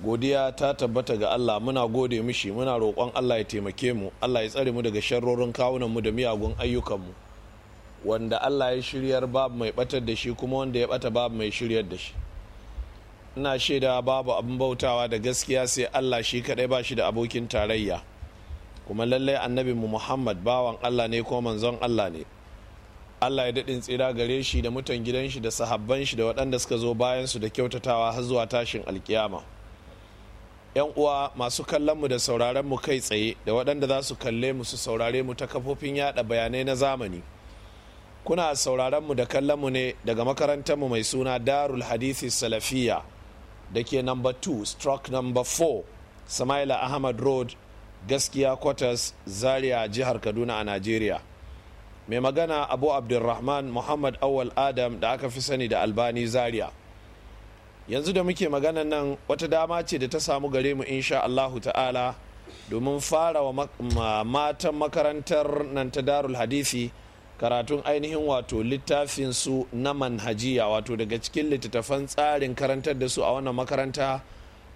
godiya ta tabbata ga Allah muna gode mishi muna roƙon Allah ya taimake mu Allah ya tsare mu daga sharrorin kawunan mu da miyagun ayyukanmu wanda Allah ya shiryar babu mai batar da shi kuma wanda ya bata babu mai shiryar da shi ina shaida babu abin bautawa da gaskiya sai Allah shi kadai ba shi da abokin tarayya kuma lallai annabi mu Muhammad bawan Allah ne ko manzon Allah ne Allah ya daɗin tsira gare shi da mutan gidan shi da sahabban shi da waɗanda suka zo bayan su da kyautatawa har zuwa tashin alkiyama 'yan uwa masu kallon mu da sauraron mu kai tsaye da waɗanda za su kalle mu su saurare mu ta kafofin yada bayanai na zamani kuna sauraron mu da kallon mu ne daga makarantar mu mai suna darul hadithi salafiya da ke number 2 stroke number 4 samaila ahmad road gaskiya quarters zaria jihar kaduna a nigeria mai magana abu abdulrahman muhammad awal adam da aka fi sani da albani zaria yanzu da muke maganan nan wata dama ce da ta samu gare mu insha Allahu ta'ala domin fara wa matan makarantar nan ta darul hadisi karatun ainihin wato littafinsu na manhajiya wato daga cikin littattafan tsarin karantar da su a wannan makaranta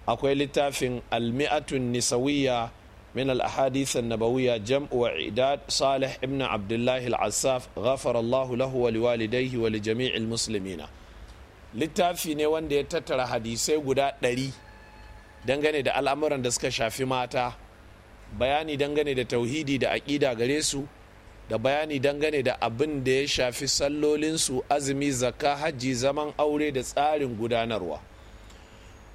akwai littafin almi'atun nisawiya min al-ahadith an-nabawiyya jam'u wa idad salih ibn abdullah al-assaf ghafara Allahu lahu wa liwalidayhi wa li jami'il muslimina littafi ne wanda ya tattara hadisai guda ɗari dangane da al'amuran da suka shafi mata bayani dangane da tauhidi da aƙida gare su da bayani dangane da abin da ya shafi sallolinsu azumi zakka hajji zaman aure da tsarin gudanarwa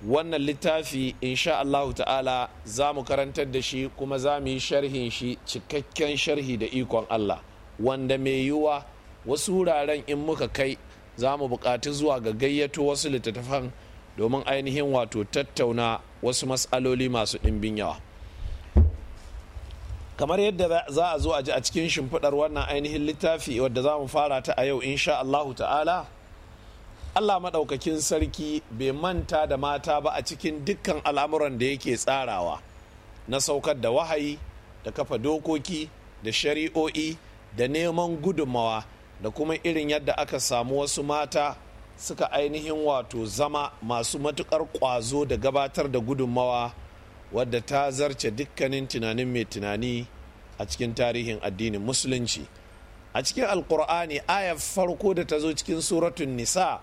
wannan littafi insha Allah ta'ala za mu karantar da shi kuma za mu yi sharhin shi cikakken sharhi da ikon Allah wanda mai yiwuwa wasu wuraren in muka kai za mu bukaci zuwa ga gayyato wasu littattafan domin ainihin wato tattauna wasu matsaloli masu ɗimbin yawa kamar yadda za a zo a ji a cikin shimfiɗar wannan ainihin littafi wadda za mu fara ta a yau insha Allah ta'ala Allah maɗaukakin sarki bai manta da mata ba a cikin dukkan al'amuran da yake tsarawa na saukar da wahayi da kafa dokoki da shari'o'i da neman gudunmawa da kuma irin yadda aka samu wasu mata suka ainihin wato zama masu matukar kwazo da gabatar da gudunmawa wadda ta zarce dukkanin tunanin mai tunani a cikin tarihin addinin musulunci a cikin alkur'ani ayar farko da ta zo cikin suratun nisa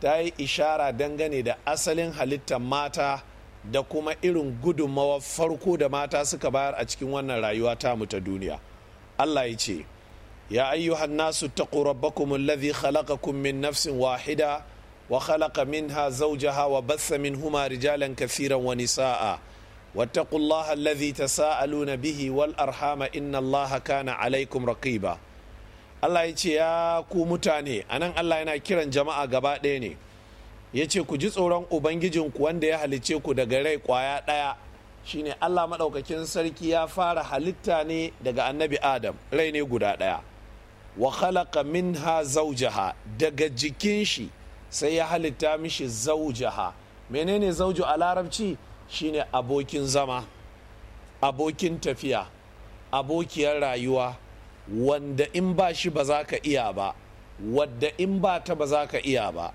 ta yi ishara dangane da asalin halittar mata da kuma irin gudunmawa farko da mata suka bayar a cikin wannan rayuwa tamu ta duniya allah ya ce ya ayyuhan nasu ta ƙorabbakum allazi khalaƙakun nafsin wahida wa khalaƙa min ha zau jiha wa batsa min huma kafiran wani sa'a wata ƙullaha ta sa'a luna bihi wal arhama inna allaha kana alaikum rakiba. ba Allah ya ce ya ku mutane anan Allah yana kiran jama'a gaba ɗaya ne yace ce ku ji tsoron ubangijin ku wanda ya halicce ku daga rai ƙwaya ɗaya shi ne Allah maɗaukakin sarki ya fara halitta ne daga annabi adam rai ne guda ɗaya. wa khalaqa minha zawjaha daga jikin shi sai ya halitta mishi zawjaha menene zauju a larabci shine abokin zama abokin tafiya abokiyar rayuwa wanda in ba shi ba za ka iya ba wadda in ba ta ba za ka iya ba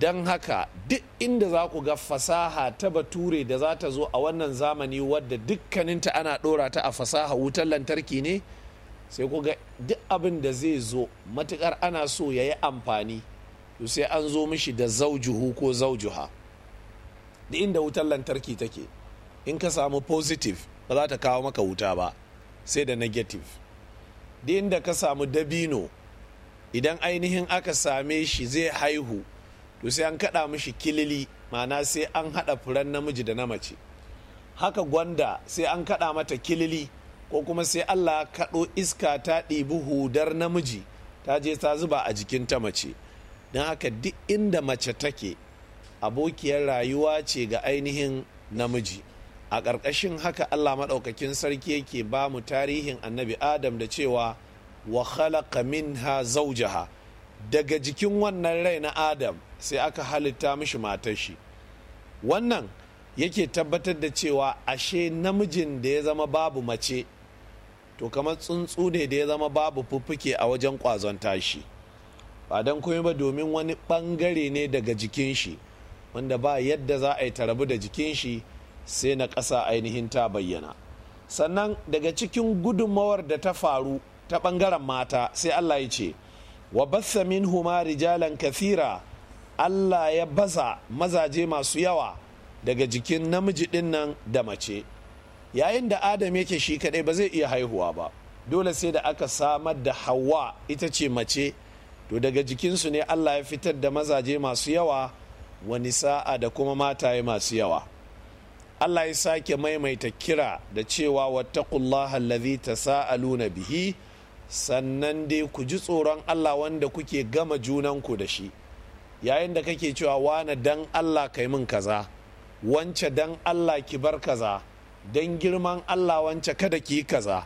don haka duk inda za ku ga fasaha ta bature da za ta zo a wannan zamani wadda dukkaninta ana ɗora ta a fasaha wutar lantarki ne sai ku ga duk abin da zai zo matukar ana so ya yi amfani to sai an zo mishi da zaujuhu ko zaujuha da inda wutar lantarki take in ka samu positive ba za ta kawo maka wuta ba sai da negative da inda ka samu dabino idan ainihin aka same shi zai haihu to sai an kaɗa mishi kilili ma'ana sai an haɗa furen namiji da na mace haka gwanda sai an kaɗa mata kilili ko kuma sai allah kaɗo iska ta ɗibi hudar namiji ta je ta zuba a jikin ta mace don haka duk inda mace take abokiyar rayuwa ce ga ainihin namiji a ƙarƙashin haka allah maɗaukakin sarki yake ba mu tarihin annabi adam da cewa wa khalaqa minha zawjaha daga jikin wannan rai na adam sai aka halitta mishi matar shi wannan yake tabbatar da cewa ashe namijin da ya zama babu mace to kamar tsuntsu ne da ya zama babu fuffuke a wajen kwazon tashi ba don kuma ba domin wani bangare ne daga jikin shi wanda ba yadda za a yi tarabu da jikin shi sai na ƙasa ainihin ta bayyana sannan daga cikin gudunmawar da ta faru ta bangaren mata sai allah ya ce wa basa min huma rijalan kathira allah ya baza mazaje masu yawa daga jikin namiji ɗinnan da mace yayin da adam yake shi kadai ba zai iya haihuwa ba dole sai da aka samar da hawa ita ce mace to daga jikinsu ne allah ya fitar da mazaje masu yawa wa nisa'a da kuma mataye masu yawa allah ya sake maimaita kira da cewa wattaqullaha allazi tasaaluna bihi sannan dai ku ji tsoron allah wanda kuke gama junanku da shi yayin da kake cewa wane dan allah kai min kaza wance dan allah ki bar kaza don girman Allah wance kada ki kaza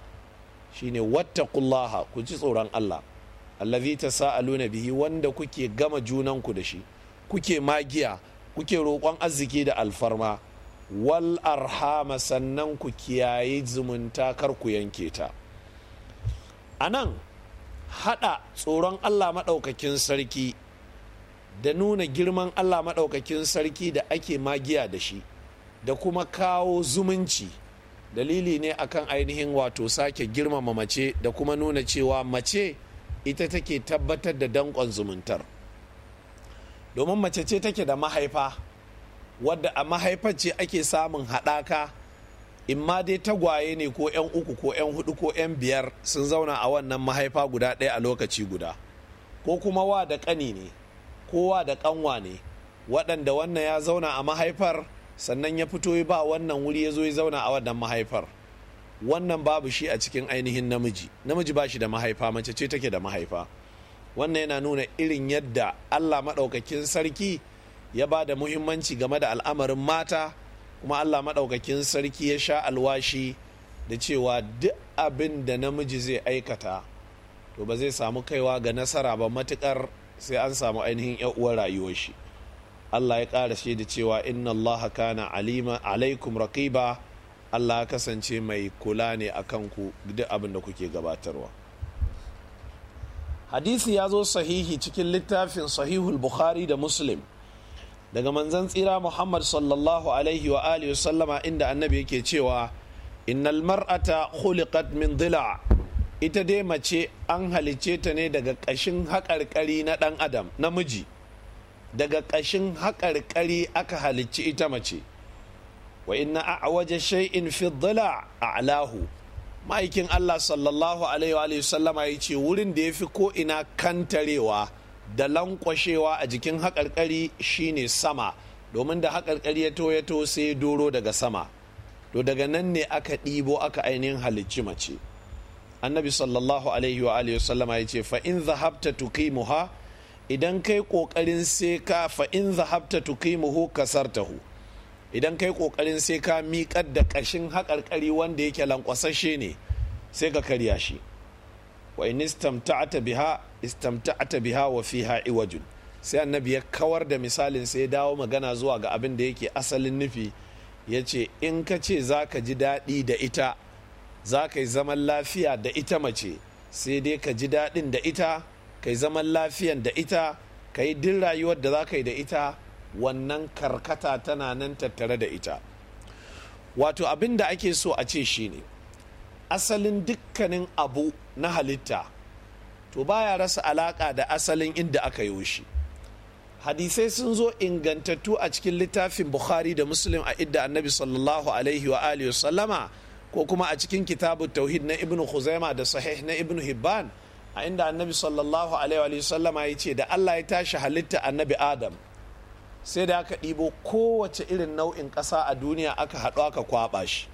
shine kullaha ku ji tsoron Allah allazi tasaaluna bihi wanda kuke gama junanku da shi kuke magiya kuke roƙon arziki da alfarma wal arhama sannan ku kiyaye zumunta kar ku yanke ta a nan haɗa tsoron Allah maɗaukakin sarki da nuna girman Allah maɗaukakin sarki da ake magiya da shi da kuma kawo zumunci dalili ne akan ainihin wato sake girmama mace da kuma nuna cewa mace ita take tabbatar da dankon zumuntar domin mace ce take da mahaifa wadda a mahaifar ce ake samun haɗaka imma dai tagwaye ne ko 'yan uku ko 'yan hudu ko 'yan biyar sun zauna a wannan mahaifa guda ɗaya a lokaci guda ko kuma wa da ƙani ne kowa da ƙanwa ne waɗanda wannan ya zauna a mahaifar sannan ya fito ya ba wannan wuri ya zo ya zauna a wannan mahaifar wannan babu shi a cikin ainihin namiji namiji ba shi da mahaifa mace ce take da mahaifa wannan yana nuna irin yadda allah maɗaukakin sarki ya ba da muhimmanci game da al'amarin mata kuma allah maɗaukakin sarki ya sha alwashi da cewa duk abin da namiji zai aikata to ba zai samu kaiwa ga nasara ba matukar sai an samu ainihin uwar rayuwar shi Allah ya ƙara da cewa inna Allah kana alima alaikum raqiba Allah ya kasance mai kula ne a kanku duk abin da kuke gabatarwa hadisi ya zo sahihi cikin littafin sahihul bukhari da muslim daga manzan tsira muhammad sallallahu alaihi wa alihi sallama inda annabi yake cewa innal mar'ata khuliqat min dhila ita dai mace an halicce ta ne daga ƙashin haƙarƙari na ɗan adam namiji daga ƙashin haƙarƙari aka halicci ita mace wa inna a waje shay'in fi a alahu ma'aikin allah sallallahu alaihi wa sallama ya ce wurin da ya fi ko ina kantarewa da lankwashewa a jikin haƙarƙari shine sama domin da haƙarƙari ya to to sai doro daga sama to daga nan ne aka ɗibo aka ainihin halicci mace annabi sallallahu alaihi wa sallama ya ce fa in zahabta tuqimuha idan kai kokarin sai ka fa in zahabta tuqimuhu kasartahu idan kai kokarin sai ka miƙar da ƙashin haƙarƙari wanda yake lankwasashe ne sai ka karya shi wa in istamta'ata biha istamta'ata biha wa fiha iwajun sai annabi ya kawar da misalin sai ya dawo magana zuwa ga abin da yake asalin nufi ya ce in ka ce za ka ji daɗi da ita za ka yi zaman lafiya da ita mace sai dai ka ji daɗin da ita kai zaman lafiyan da ita ka yi din rayuwar da za ka yi da ita wannan karkata tana nan tattare da ita wato abin da ake so a ce shine asalin dukkanin abu na halitta to baya rasa alaka da asalin inda aka yi shi hadisai sun zo ingantattu a cikin littafin bukhari da muslim a idda annabi sallallahu alaihi wa alihi sallama ko kuma a cikin kitabu tauhid na ibnu khuzaima da sahih na ibnu hibban a inda annabi sallallahu alaihi wa sallama ya ce da allah ya tashi halitta annabi adam sai da aka ɗibo kowace irin nau'in ƙasa a duniya aka haɗu aka kwaɓa shi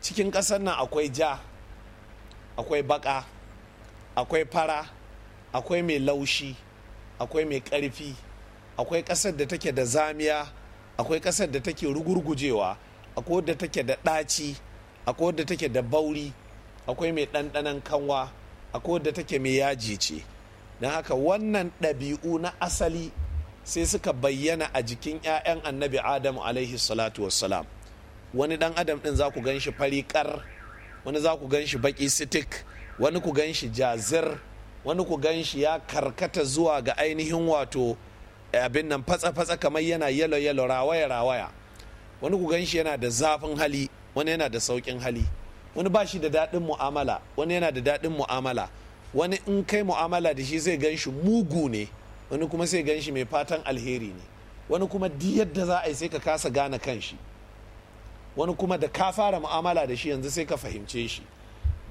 cikin ƙasar nan akwai ja akwai baƙa akwai fara akwai mai laushi akwai mai ƙarfi akwai ƙasar da take da zamiya akwai ƙasar da take rugurgujewa akwai wadda take da ɗaci akwai wadda take da bauri akwai mai ɗanɗanon kanwa akwai da take mai yaji ce don haka wannan ɗabi'u na asali sai suka bayyana a jikin 'ya'yan annabi adamu alaihi salatu wassalam wani ɗan adam ɗin za ku gan shi fariƙar wani za ku gan shi baƙi sitik wani ku gan shi jazir wani ku gan shi ya karkata zuwa ga ainihin wato eh, abin nan fatsa-fatsa kamar yana yalo-yalo rawaya-rawaya wani ku gan shi yana da zafin hali wani yana da sauƙin hali wani ba shi da daɗin mu'amala wani yana da daɗin mu'amala wani in kai mu'amala da shi zai gan shi mugu ne wani kuma sai gan shi mai fatan alheri ne wani kuma di yadda za a yi sai ka kasa gane kan shi wani kuma da ka fara mu'amala da shi yanzu sai ka fahimce shi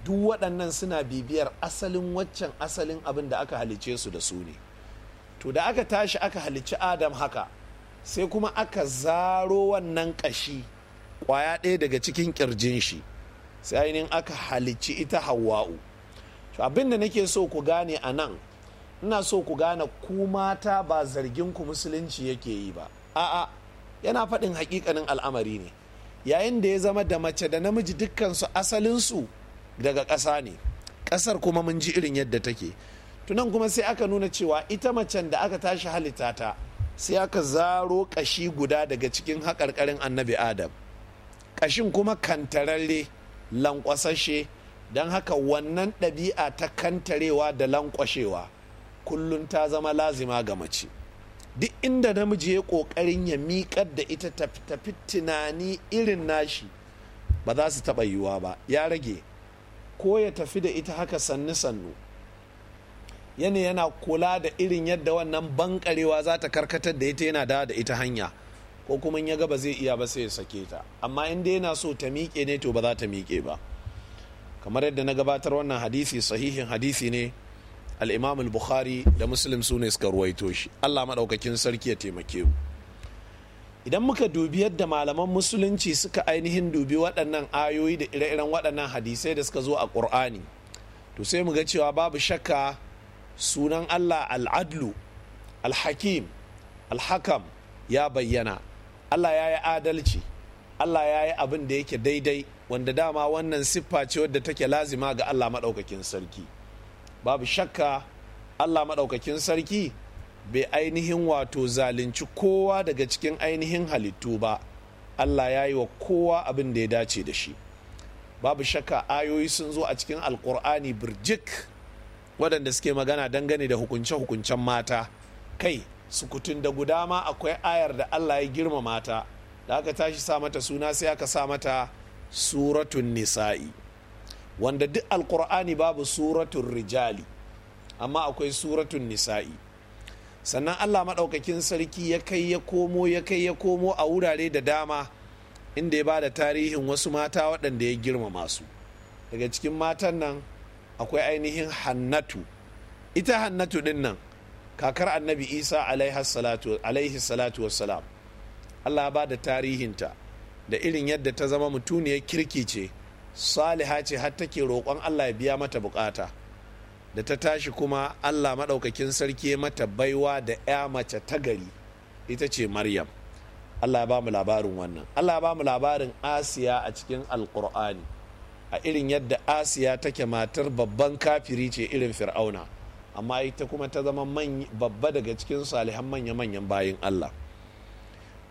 duk waɗannan suna bibiyar asalin waccan asalin abin da aka halice su da su ne to da aka tashi aka halici adam haka sai kuma aka zaro wannan ƙashi ƙwaya ɗaya daga cikin ƙirjin shi sai ainihin aka halicci ita hawa'u abin da nake so ku gane a nan ina so ku gane ku mata ba zargin ku musulunci yake yi ba a'a yana faɗin hakikanin al'amari ne yayin da ya zama da mace da namiji dukkansu asalinsu daga ƙasa ne ƙasar kuma mun ji irin yadda take tunan kuma sai aka nuna cewa ita macen da aka tashi halitta ta sai aka zaro ƙashi guda daga cikin haƙarƙarin annabi adam ƙashin kuma kantararre lankwasashe don haka wannan ɗabi'a ta kantarewa da lankwashewa kullum ta zama lazima ga mace duk inda namiji ya ƙoƙarin ya miƙar da ita tafi tunani irin nashi ba za su taɓa yiwuwa ba ya rage ko ya tafi da ita haka sannu-sannu yana yana kula da irin yadda wannan bankarewa za ta karkatar da ita yana da ita hanya ko kuma ya ga ba zai iya ba sai ya sake ta amma in dai yana so ta miƙe ne to ba za ta miƙe ba kamar yadda na gabatar wannan hadisi sahihin hadisi ne al-imam al-bukhari da muslim su ne suka ruwaito shi Allah maɗaukakin sarki ya taimake mu idan muka dubi yadda malaman musulunci suka ainihin dubi waɗannan ayoyi da ire-iren waɗannan hadisai da suka zo a ƙur'ani to sai mu ga cewa babu shakka sunan Allah al-adlu al-hakim al-hakam ya bayyana Allah ya yi adalci Allah ya yi abin da yake daidai wanda dama wannan siffa ce wadda take lazima ga Allah maɗaukakin sarki babu shakka Allah maɗaukakin sarki bai ainihin wato zalunci kowa daga cikin ainihin halittu ba Allah ya yi wa kowa abin da ya dace da shi babu shakka ayoyi sun zo a cikin alkur'ani birjik waɗanda suke magana dangane da hukunce-hukuncen mata kai sukutun da guda ma akwai ayar da Allah ya girmama ta da aka tashi sa mata suna sai aka sa mata suratun nisa'i wanda duk alkur'ani babu suratun rijali amma akwai suratun nisa'i sannan Allah maɗaukakin sarki ya kai ya komo ya kai ya komo a wurare da dama inda ya ba da tarihin wasu mata waɗanda ya girmama su daga cikin matan nan akwai ainihin hannatu ita hannatu ɗin nan kakar annabi isa alaihi salatu wassalam allah ba da tarihinta da irin yadda ta zama mutuniyar kirki ce saliha ce har take roƙon allah ya biya mata bukata da ta tashi kuma allah maɗaukakin sarki mata baiwa da 'ya mace ta gari ita ce maryam allah ya ba mu labarin wannan allah ya ba mu labarin asiya a cikin alƙur'ani a irin yadda asiya take matar babban kafiri ce irin fir'auna amma ita kuma ta zama babba daga cikin salihan manya-manyan bayin Allah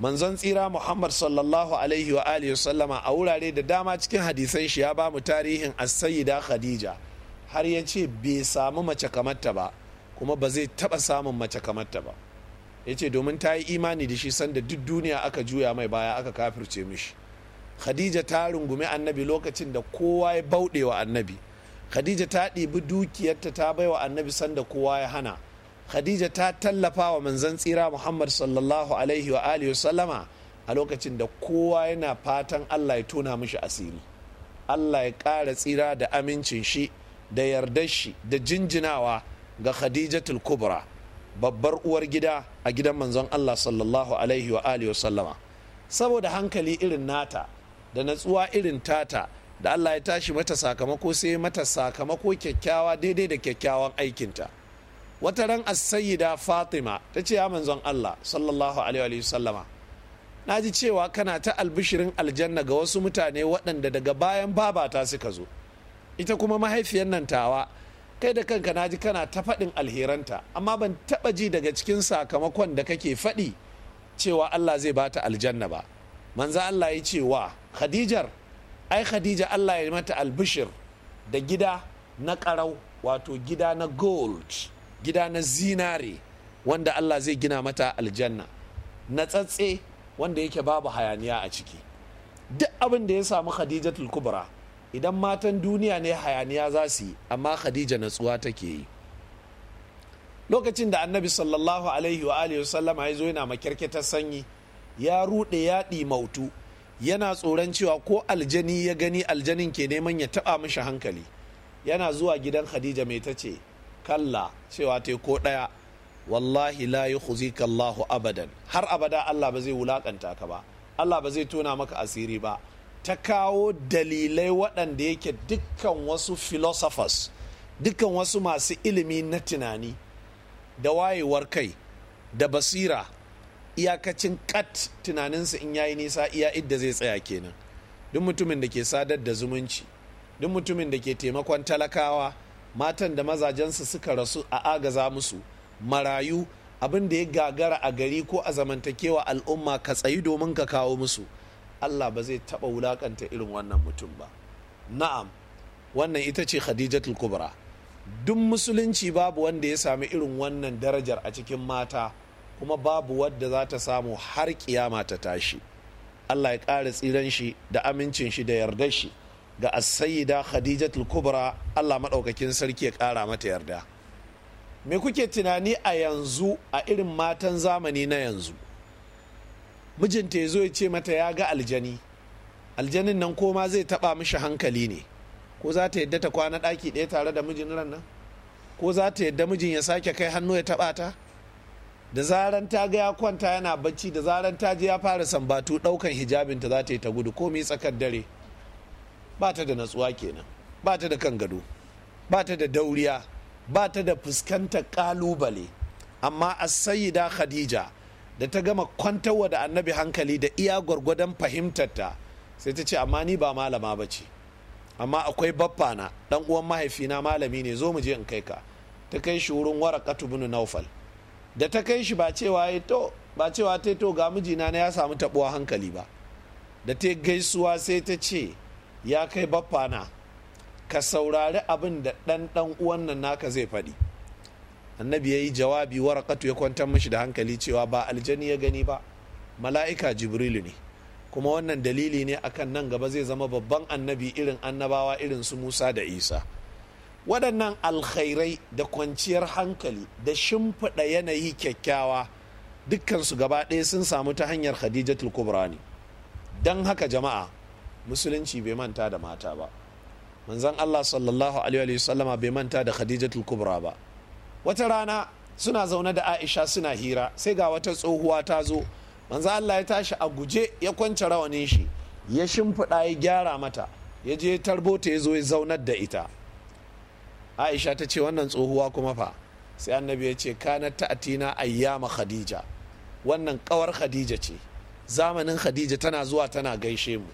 manzon tsira muhammad sallallahu alaihi wa alihi sallama a wurare da dama cikin hadisan shi ya ba mu tarihin as-sayyida khadija har ya ce bai samu mace kamarta ba kuma ba zai taba samun mace kamarta ba ya ce domin ta yi imani da shi sanda duk duniya aka juya mai baya aka kafirce mishi khadija ta rungumi annabi lokacin da kowa ya bauɗe annabi khadija ta ɗibi dukiyarta ta baiwa annabi sanda kowa ya hana khadija ta tallafa wa manzan tsira muhammad sallallahu alaihi wa alihi sallama a lokacin da kowa yana fatan allah ya tona mishi asiri allah ya ƙara tsira da amincin shi da yardar shi da jinjinawa ga khadija tulkubra. babbar uwar gida a gidan manzon allah sallallahu alaihi wa alihi sallama saboda hankali irin nata da natsuwa irin tata da allah ya tashi mata sakamako sai mata sakamako kyakkyawa daidai da kyakkyawan aikinta wata ran asayida fatima ta ce ya manzon allah sallallahu alaihi wa sallama na ji cewa kana ta albishirin aljanna ga wasu mutane waɗanda daga bayan babata suka zo ita kuma mahaifiyar nan tawa kai da kanka na ji kana ta faɗin alheranta amma ban taɓa ji daga cikin sakamakon da kake faɗi cewa allah zai bata aljanna ba manza allah ya ce wa khadijar ai khadija allah ya mata albishir da gida na karau wato gida na gold gida na zinare wanda allah zai gina mata aljanna na tsatse wanda yake babu hayaniya a ciki duk abin da ya samu khadijatul kubra idan matan duniya ne hayaniya za su yi amma khadija natsuwa take yi lokacin da annabi sallallahu alaihi wa alihi wasallama ya zo yana makirkitar sanyi ya ruɗe ya mautu yana tsoron cewa ko aljani ya gani aljanin ke neman ya taba mishi hankali yana zuwa gidan khadija mai ta ce kalla cewa te ko ɗaya wallahi la yukhzika Allahu abadan har abada Allah ba zai wulakanta ka ba Allah ba zai tona maka asiri ba ta kawo dalilai waɗanda yake dukkan wasu philosophers dukkan wasu masu ilimi na tunani da wayewar kai da basira iyakacin kat tunaninsa in yayi nisa iya idda zai tsaya kenan duk mutumin da ke sadar da zumunci duk mutumin da ke taimakon talakawa matan da mazajensu suka rasu a agaza musu marayu abin da ya gagara a gari ko a zamantakewa al'umma ka tsayi domin ka kawo musu allah ba zai taɓa wulakanta irin wannan mutum ba na'am wannan ita ce khadijatul kubra duk musulunci babu wanda ya sami irin wannan darajar a cikin mata kuma babu wadda za ta samu har kiyama ta tashi allah ya ƙara tsiran shi da amincin shi da yarda shi ga asayida khadijatul kubra allah maɗaukakin sarki ya ƙara mata yarda me kuke tunani a yanzu a irin matan zamani na yanzu mijinta ya zo ya ce mata ya ga aljani aljanin nan koma zai taba mishi hankali ne ko za ta yadda ta kwana ɗaki ɗaya tare da mijin ran nan ko za ta yadda mijin ya sake kai hannu ya taɓa ta da zaran ta ga ya kwanta yana bacci da zaran ta ji ya fara sambatu daukan hijabinta za ta yi ta gudu komai tsakar dare ba ta da natsuwa kenan ba ta da kan gado ba ta da dauriya ba ta da fuskantar kalubale amma a da khadija da ta gama kwantarwa da annabi hankali da iya gwargwadon fahimtarta sai ta ce amma ni ba malama ba ce amma akwai baffa na dan uwan mahaifina malami ne zo mu je in kai ka ta kai shi wurin warakatu bin naufal da ta kai shi ba cewa ya to to ga mijina na ya samu tabuwa hankali ba da ta gaisuwa sai ta ce ya kai baffana ka saurari abin da ɗan ɗan uwan nan naka zai faɗi annabi ya yi jawabi warakatu ya kwantar mashi da hankali cewa ba aljani ya gani ba mala'ika jibrilu ne kuma wannan dalili ne akan nan gaba zai zama babban annabi irin annabawa irin su musa da isa waɗannan alkhairai da kwanciyar hankali da shimfiɗa yanayi kyakkyawa dukkansu gaba ɗaya sun samu ta hanyar Khadija kubra ne don haka jama'a musulunci bai manta da mata ba manzan allah sallallahu alaihi Sallama bai manta da Khadija kubra ba wata rana suna zaune da aisha suna hira sai ga wata tsohuwa ta zo manzon allah ya tashi a guje ya kwance rawanin shi ya shimfiɗa ya gyara mata ya je tarbo ta ya zo ya zaunar da ita aisha ta ce wannan tsohuwa kuma fa sai annabi ya ce kana ta'atina ayyama khadija wannan kawar khadija ce zamanin khadija tana zuwa tana gaishe mu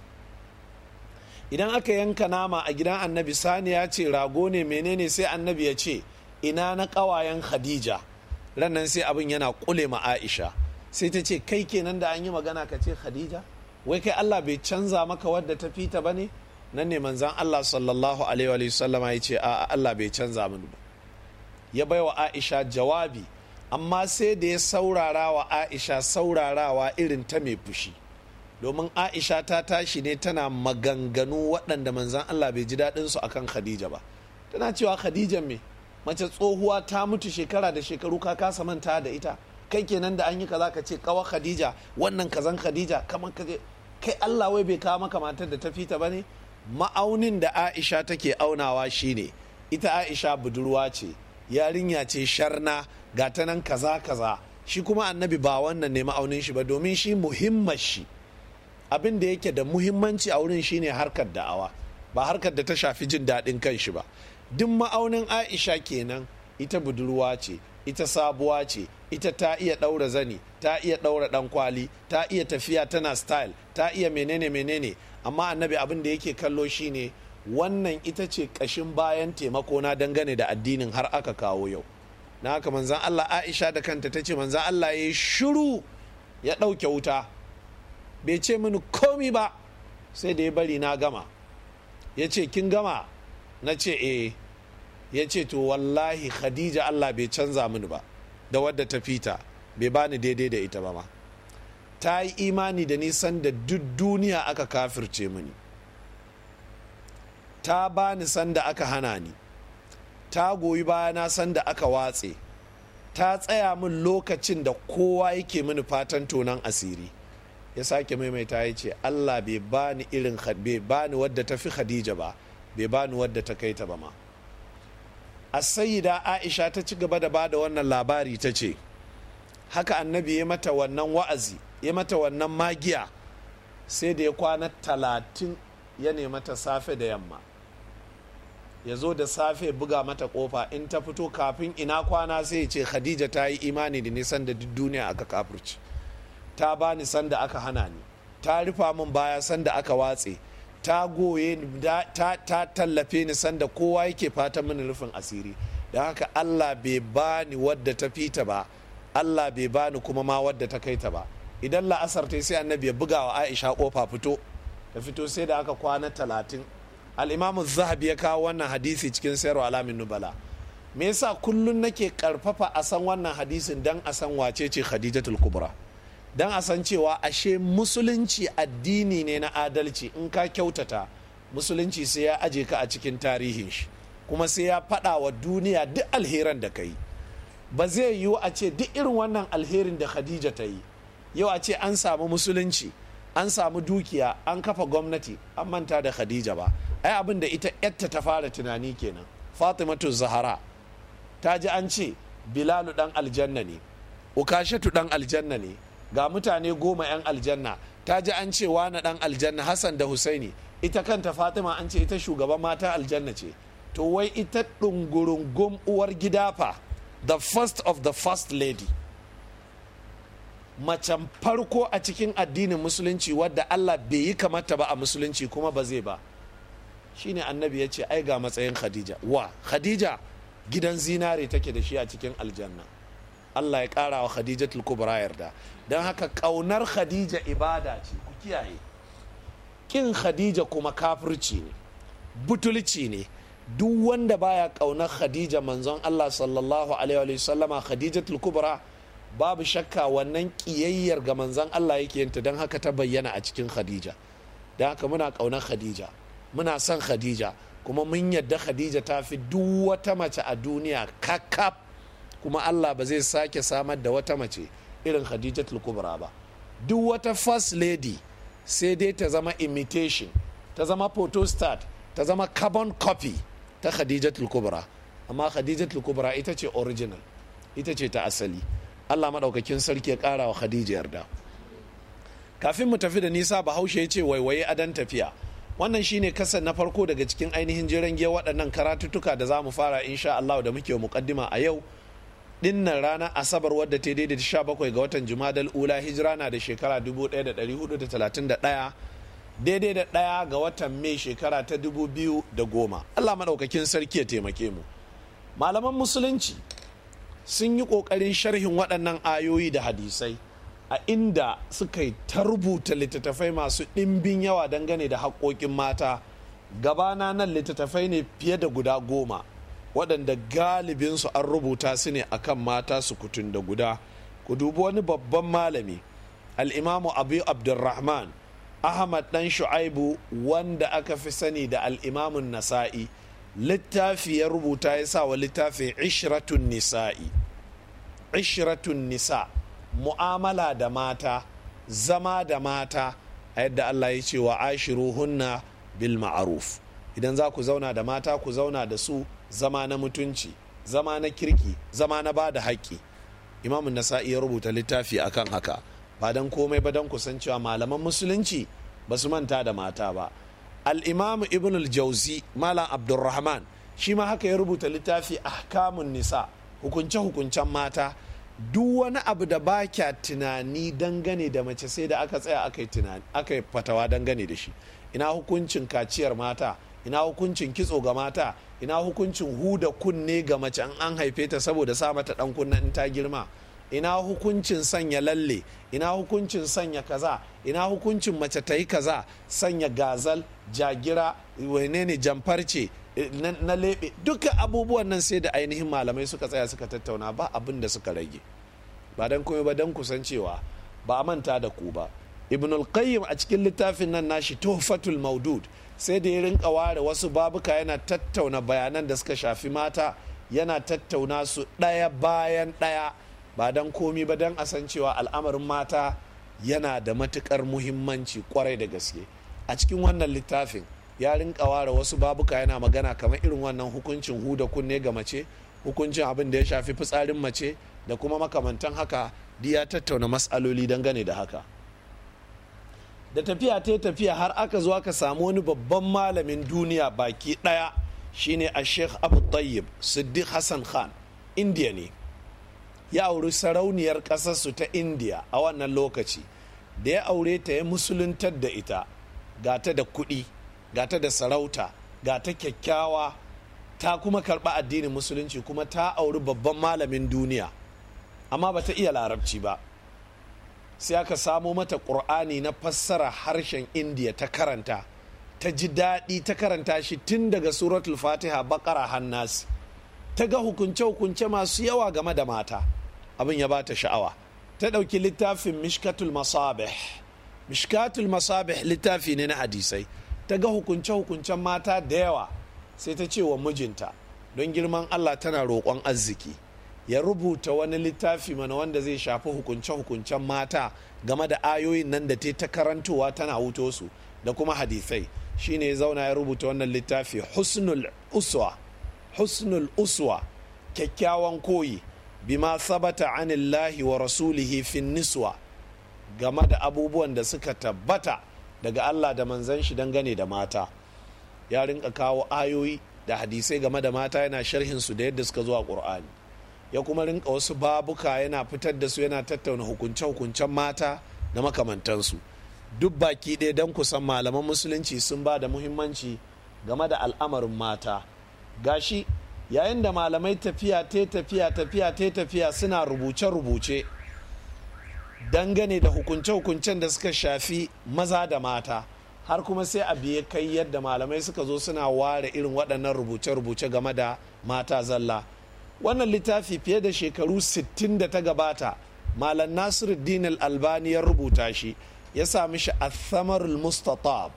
idan aka yanka nama a gidan annabi Sani ya ce rago ne menene sai annabi ya ce ina na kawayen khadija rannan sai abin yana kule ma aisha sai ta ce kai kenan da an yi magana ka ce khadija wai kai allah bai canza maka wadda ta fita ba ne nan ne manzan Allah sallallahu alaihi wa sallama ya ce a Allah bai canza mini ba ya bai wa Aisha jawabi amma sai da ya saurara wa Aisha saurarawa irin ta mai fushi domin Aisha ta tashi ne tana maganganu waɗanda manzan Allah bai ji daɗin su akan Khadija ba tana cewa Khadija me mace tsohuwa ta mutu shekara da shekaru ka kasa manta da ita kai kenan da an yi kaza ka ce kawa Khadija wannan kazan Khadija kamar ka kai Allah wai bai kawo maka matar da ta fita ba ne ma'aunin da aisha take aunawa shine ita aisha budurwa ce yarinya ce sharna ga ta nan kaza kaza shi kuma annabi ba wannan ne ma'aunin shi ba domin shi muhimman shi abin da yake da muhimmanci a wurin shine harkar da'awa ba harkar da ta shafi jin daɗin kan shi ba duk ma'aunin aisha kenan ita budurwa ce ita sabuwa ce ita ta iya ɗaura zani ta iya ɗaura ɗan kwali ta iya tafiya tana style ta iya menene menene amma annabi abin da yake kallo shine wannan ita ce kashin bayan taimako na dangane da addinin har aka kawo yau na haka manzan Allah Aisha da kanta ta ce manzan Allah ya shiru ya ɗauke wuta bai ce mini komi ba sai da ya bari na gama ya ce kin gama na ce eh ya ce to wallahi khadija allah bai canza mini ba da wadda ta fita bai bani daidai da ita ba ma ta yi imani da nisan da duk duniya aka kafirce mini ta bani sanda aka hana ni ta goyi bayana sanda aka watse ta tsaya min lokacin da kowa yake mini fatan tonan asiri ya sake maimaita ya ce allah bai bani irin bai bani wadda ta fi khadija ba bai bani wadda ta kai ta ba ma a asayida aisha ta ci gaba da bada wannan labari ta ce haka annabi ya mata wannan wa'azi ya mata wannan magiya sai da ya kwana talatin ya nema ta safe da yamma ya zo da safe buga mata kofa in ta fito kafin ina kwana sai ya ce khadija ta yi imani da nisan da duk duniya aka kafurci ta bani sanda aka hana ni ta rufa min baya sanda aka watse ta goye ta tallafe ni sanda kowa yake fata mini rufin asiri da haka allah bai bani wadda ta fita ba allah bai bani kuma ma wadda ta kai ta ba idan la'asar ta sai annabi ya buga wa aisha kofa fito ta fito sai da aka kwana talatin al'imamu zahabi ya kawo wannan hadisi cikin sayarwa alamin nubala me yasa kullum nake karfafa a san wannan hadisin dan a san wace ce khadijatul kubra don a san cewa ashe musulunci addini ne na adalci in ka kyautata musulunci sai ya aje ka a cikin tarihin shi kuma sai ya faɗa wa duniya duk alheran da ka yi ba zai yiwu a ce duk irin wannan alherin da khadija ta yi yau a ce an samu musulunci an samu dukiya an kafa gwamnati an manta da khadija ba ai abin da ita yatta ta fara tunani kenan fatimatu zahara ta ji an ce bilalu dan aljanna ne ukashatu dan aljanna ne ga mutane goma 'yan aljanna ta ji an ce wani dan aljanna hassan da husaini ita kanta fatima an ce ita shugaban mata aljanna ce to wai ita ɗungurungun uwar gida fa the first of the first lady macen farko a cikin addinin musulunci wadda allah bai yi kamata ba a musulunci kuma ba zai ba shine annabi ya ce ai ga matsayin khadija wa khadija gidan zinare take da shi a cikin aljanna Allah ya ƙara wa Khadija Kubra yarda don haka ƙaunar Khadija ibada ce ku kiyaye kin Khadija kuma kafirci ne butulci ne duk wanda baya ƙaunar Khadija manzon Allah sallallahu alaihi wa sallama Khadija Kubra babu shakka wannan ƙiyayyar ga manzon Allah yake yinta don haka ta bayyana a cikin Khadija don haka muna ƙaunar Khadija muna son Khadija kuma mun yadda Khadija ta fi duk wata mace a duniya kakaf kuma allah ba zai sake samar da wata mace irin khadijatul kubra ba duk wata first lady sai dai ta zama imitation ta zama photostat ta zama carbon copy ta khadijatul kubra amma khadijatul kubra ita ce original ita ce ta asali allah maɗaukakin sarki ya ƙara wa khadija yarda kafin mu tafi da nisa bahaushe ya ce waiwaye dan tafiya wannan shine kasan na farko daga cikin ainihin jiran giya waɗannan karatuttuka da za mu fara insha Allah da muke muƙaddima a yau dinnan ranar asabar wadda ta daidaita sha bakwai ga watan jumadal ula hijira na da shekara 1431 daidai da ɗaya ga watan mai shekara ta da goma. allah maɗaukakin sarki ya taimake mu malaman musulunci sun yi ƙoƙarin sharhin waɗannan ayoyi da hadisai a inda suka yi ta rubuta littattafai masu ɗimbin yawa dangane da haƙoƙin mata gabana nan littattafai ne fiye da guda goma waɗanda galibinsu an rubuta su ne a kan mata su kutun da guda ku dubi wani babban malami al'imamu abu abdurrahman ahmad dan shu'aibu wanda aka fi sani da al'imamun nasa'i littafi ya rubuta ya sa wa littafi ishratun nisa'i ishratun nisa mu'amala da mata zama da mata a yadda Allah ya ce wa hunna bil ma'aruf idan za ku zauna da mata ku zauna da su zama na mutunci zama na kirki zama na ba da haƙƙi imamun nasa'i ya rubuta littafi akan haka ba don komai ba don kusan cewa malaman musulunci ba su manta da mata ba al'imamu ibn al-jauzi malam abdulrahman shi ma haka ya rubuta littafi ahkamun nisa hukunce-hukuncen mata duk wani abu da ba kya tunani dangane da mace sai da aka tsaya aka yi fatawa dangane da shi ina hukuncin kaciyar mata ina hukuncin kitso ga mata ina hukuncin huda kunne ga mace an haife ta saboda sa mata dan kunna in ta girma ina hukuncin sanya lalle ina hukuncin sanya kaza ina hukuncin mace ta yi kaza sanya gazal jagira wane ne jamfarce na lebe duka abubuwan nan sai da ainihin malamai suka tsaya suka tattauna ba abin da suka rage ba dan komai ba dan kusan cewa ba a manta da ku ba ibnul qayyim a cikin littafin nan nashi tuhfatul maudud sai da ya rinka ware wasu babuka yana tattauna bayanan da suka shafi mata yana tattauna su ɗaya bayan ɗaya ba don komi ba don a san cewa al'amarin mata yana da matukar muhimmanci kwarai da gaske a cikin wannan littafin ya rinka ware wasu babuka yana magana kamar irin wannan hukuncin huda kunne ga mace hukuncin abin da ya shafi fitsarin mace da kuma makamantan haka ya tattauna matsaloli dangane da haka da tafiya ta tafiya har aka zo ka samu wani babban malamin duniya baki ɗaya shine a sheikh abu tayyib siddiq hassan khan indiya ne ya auri sarauniyar ƙasarsu ta indiya a wannan lokaci da ya aure ta ya musuluntar da ita gata da kuɗi gata da sarauta gata kyakkyawa ta kuma karɓa addinin musulunci kuma ta auri babban malamin duniya amma ba ta iya larabci ba sai aka samo mata ƙur'ani na fassara harshen indiya ta karanta ta ji daɗi ta karanta shi tun daga suratul fatiha bakara hannas ta ga hukunce-hukunce masu yawa game da mata abin ya bata sha'awa ta ɗauki littafin mishkatul masabih mishkatul masabih littafi ne na hadisai ta ga hukunce-hukuncen mata da yawa sai ta ce wa mijinta don girman allah tana roƙon arziki ya rubuta wani littafi mana wanda zai shafi hukunce-hukuncen mata game da ayoyin nan da ta karantowa tana wuto su da kuma hadisai shine ya zauna ya rubuta wannan littafi husnul uswa husnul uswa kyakkyawan koyi bima sabata anillahi wa rasulihi fin niswa game da abubuwan da suka tabbata daga Allah da manzan shi gane da mata ya rinka kawo ayoyi da hadisai game da mata yana sharhin su da yadda suka zuwa a ƙur'ani ya kuma rinka wasu babuka yana fitar da su yana tattauna hukunce-hukuncen mata da makamantansu duk baki ɗaya don kusan malaman musulunci sun ba da muhimmanci game da al'amarin mata gashi yayin da malamai tafiya te tafiya tafiya te tafiya suna rubuce-rubuce dangane da hukunce-hukuncen da suka shafi maza da mata har kuma sai a biye kai yadda malamai suka zo suna ware irin waɗannan rubuce-rubuce game da mata zalla wannan littafi fiye da shekaru 60 da ta gabata malam nasiruddin al-albani ya rubuta shi ya sami shi a thamarul mustatab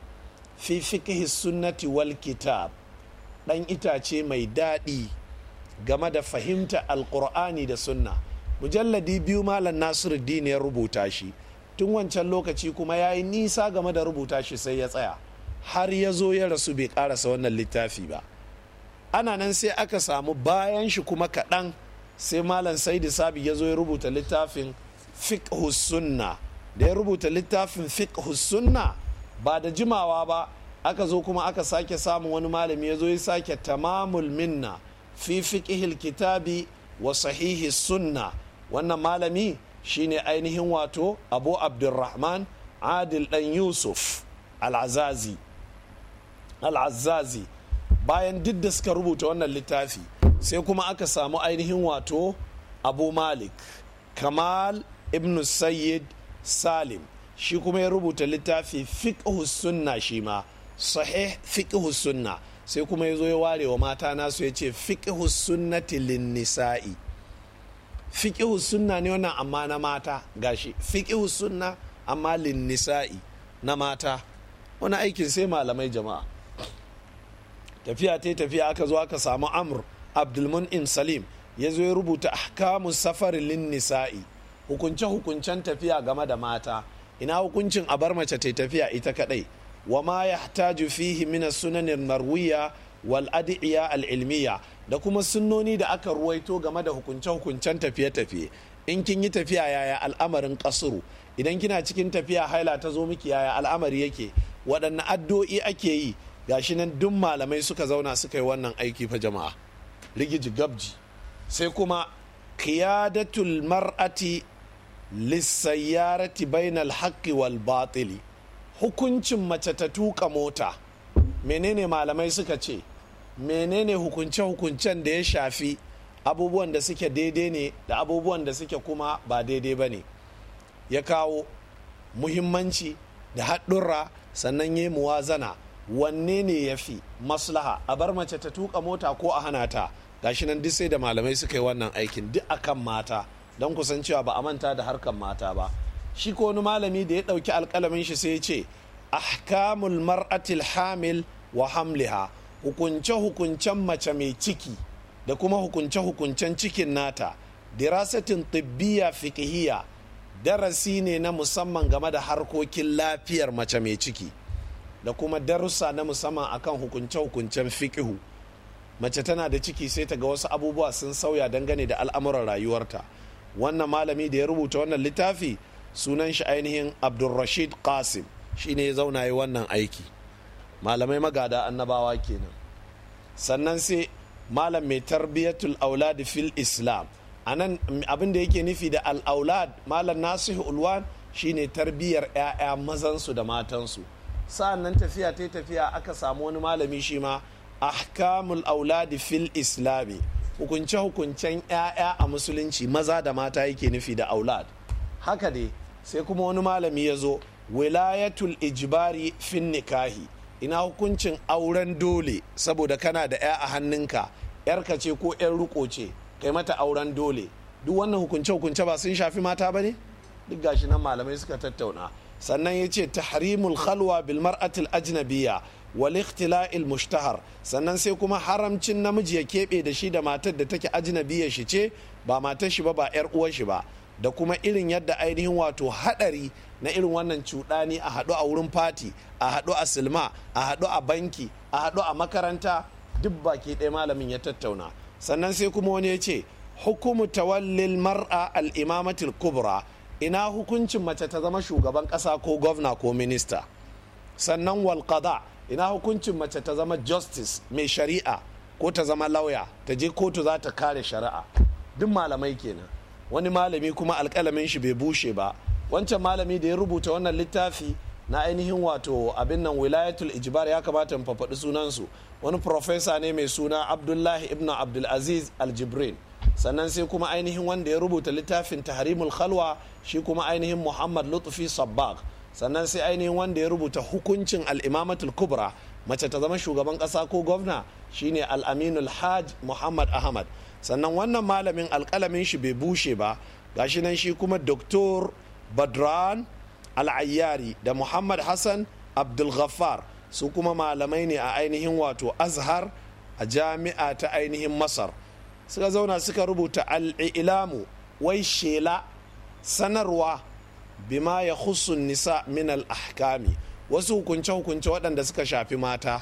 fi sunnati wal kitab dan itace mai daɗi game da fahimta alkur'ani da sunna mujalladi biyu malam nasiruddin ya rubuta shi tun wancan lokaci kuma ya yi nisa game da rubuta shi sai ya tsaya har ya zo ya rasu bai karasa wannan littafi ba ana nan sai aka samu bayan shi kuma kaɗan sai malam saidi sabi ya zo ya rubuta littafin fiqh sunna da ya rubuta littafin fiqh sunna ba da jimawa ba aka zo kuma aka sake samun wani malami ya zo ya sake tamamul minna fi fiqhil kitabi wa sahihi sunna wannan malami shine ainihin wato abu abdulrahman adil dan yusuf al-azazi bayan duk da suka rubuta wannan littafi sai kuma aka samu ainihin wato abu malik kamal ibn sayyid salim shi kuma ya rubuta littafi fiqhu sunna shi ma sahih fiqhu sunna sai kuma ya zo ya ware wa mata nasu ya ce fiqhu sunnati lin nisa'i fiqhu sunna ne wannan amma na mata gashi fiqhu sunna amma lin nisa'i na mata wani aikin sai malamai jama'a tafiya ta tafiya aka zo aka samu amr abdulmun'im salim ya zo ya rubuta ahkamu safarin lin nisa'i hukunce hukuncen tafiya game da mata ina hukuncin a bar mace ta tafiya ita kadai wa ma yahtaju fihi min sunanin marwiya wal adiya al'ilmiya da kuma sunnoni da aka ruwaito game da hukunce hukuncen tafiye tafiye in kin yi tafiya yaya al'amarin kasuru idan kina cikin tafiya haila ta zo miki yaya al'amari yake waɗanne addu'o'i ake yi gashi nan duk malamai suka zauna suka yi wannan aiki fa jama'a rigiji gabji sai kuma qiyadatul mar'ati lissayyarati bainal haqqi wal batili hukuncin mace ta tuka mota menene malamai suka ce menene hukunce-hukuncen da ya shafi abubuwan da suke daidai ne da abubuwan da suke kuma ba daidai ba ne ya kawo muhimmanci da haɗurra sannan ya yi muwazana wanne ne ya fi maslaha a bar mace ta tuka mota ko a hana ta gashi nan duk sai da malamai suka yi wannan aikin duk akan mata don kusan cewa ba a manta da harkan mata ba shi ko wani malami da ya ɗauki alƙalamin shi sai ya ce ahkamul mar'atil hamil wa hamliha hukunce hukuncen mace mai ciki da kuma hukunce hukuncen cikin nata dirasatin tibbiya fiqhiyya darasi ne na musamman game da harkokin lafiyar mace mai ciki da kuma darussa na musamman akan hukunce-hukuncen fikihu mace tana da ciki sai ta ga wasu abubuwa sun sauya dangane da al'amuran rayuwarta wannan malami da ya rubuta wannan littafi sunan shi ainihin abdulrashid qasim shine ya zauna yi wannan aiki malamai magada annabawa kenan sannan sai malam mai tarbiyyatul-auladi fil islam anan abin da yake nufi da al-aulad malam nasihu ulwan shine tarbiyyar 'ya'ya mazansu da matansu sa'an nan tafiya ta tafiya aka samu wani malami shi ma ahkamul auladi fil islami hukunce hukuncen 'ya'ya a musulunci maza da mata yake nufi da aulad haka dai sai kuma wani malami ya zo wilayatul ijibari fin nikahi ina hukuncin auren dole saboda kana da 'ya a hannunka 'yarka ce ko 'yan riko ce kai mata auren dole duk wannan hukunce hukunce ba sun shafi mata ba ne duk gashi nan malamai suka tattauna sannan ya ce tahrimul khalwa bil mar'atil ajnabiya wal ikhtila'il mushtahar sannan sai kuma haramcin namiji ya keɓe da shi da matar da take ajnabiya shi ce ba matar shi ba ba yar uwar shi ba da kuma irin yadda ainihin wato hadari na irin wannan cuɗani a haɗu a wurin fati a haɗu a silma a haɗu a banki a haɗu a makaranta duk baki ɗaya malamin ya tattauna sannan sai kuma wani ya ce hukumu tawallil mar'a al-imamatil kubra ina hukuncin mace ta zama shugaban kasa ko gwamna ko minista sannan walƙada ina hukuncin mace ta zama justice mai shari'a ko ta zama lauya ta je kotu za ta kare shari'a duk malamai kenan wani malami kuma alƙalamin shi bai bushe ba wancan malami da ya rubuta wannan littafi na ainihin wato abin nan wilayatul ijibar ya kamata in fafaɗi sunansu wani profesa ne mai suna abdullahi ibn abdulaziz aljibril sannan sai kuma ainihin wanda ya rubuta littafin tahrimul khalwa shi kuma ainihin muhammad lutfi sabbag sannan sai ainihin wanda ya rubuta hukuncin al'imamatul kubra mace ta zama shugaban ƙasa ko gwamna shine al'aminul hajj muhammad ahmad sannan wannan malamin alƙalamin shi bai bushe ba gashi nan shi kuma doktor badran al'ayyari da muhammad hassan abdulghaffar su kuma malamai ne a ainihin wato azhar a jami'a ta ainihin masar suka zauna suka rubuta al'ilamu wai shela sanarwa bima ya husun nisa min al'ahkami wasu hukunce-hukunce waɗanda suka shafi mata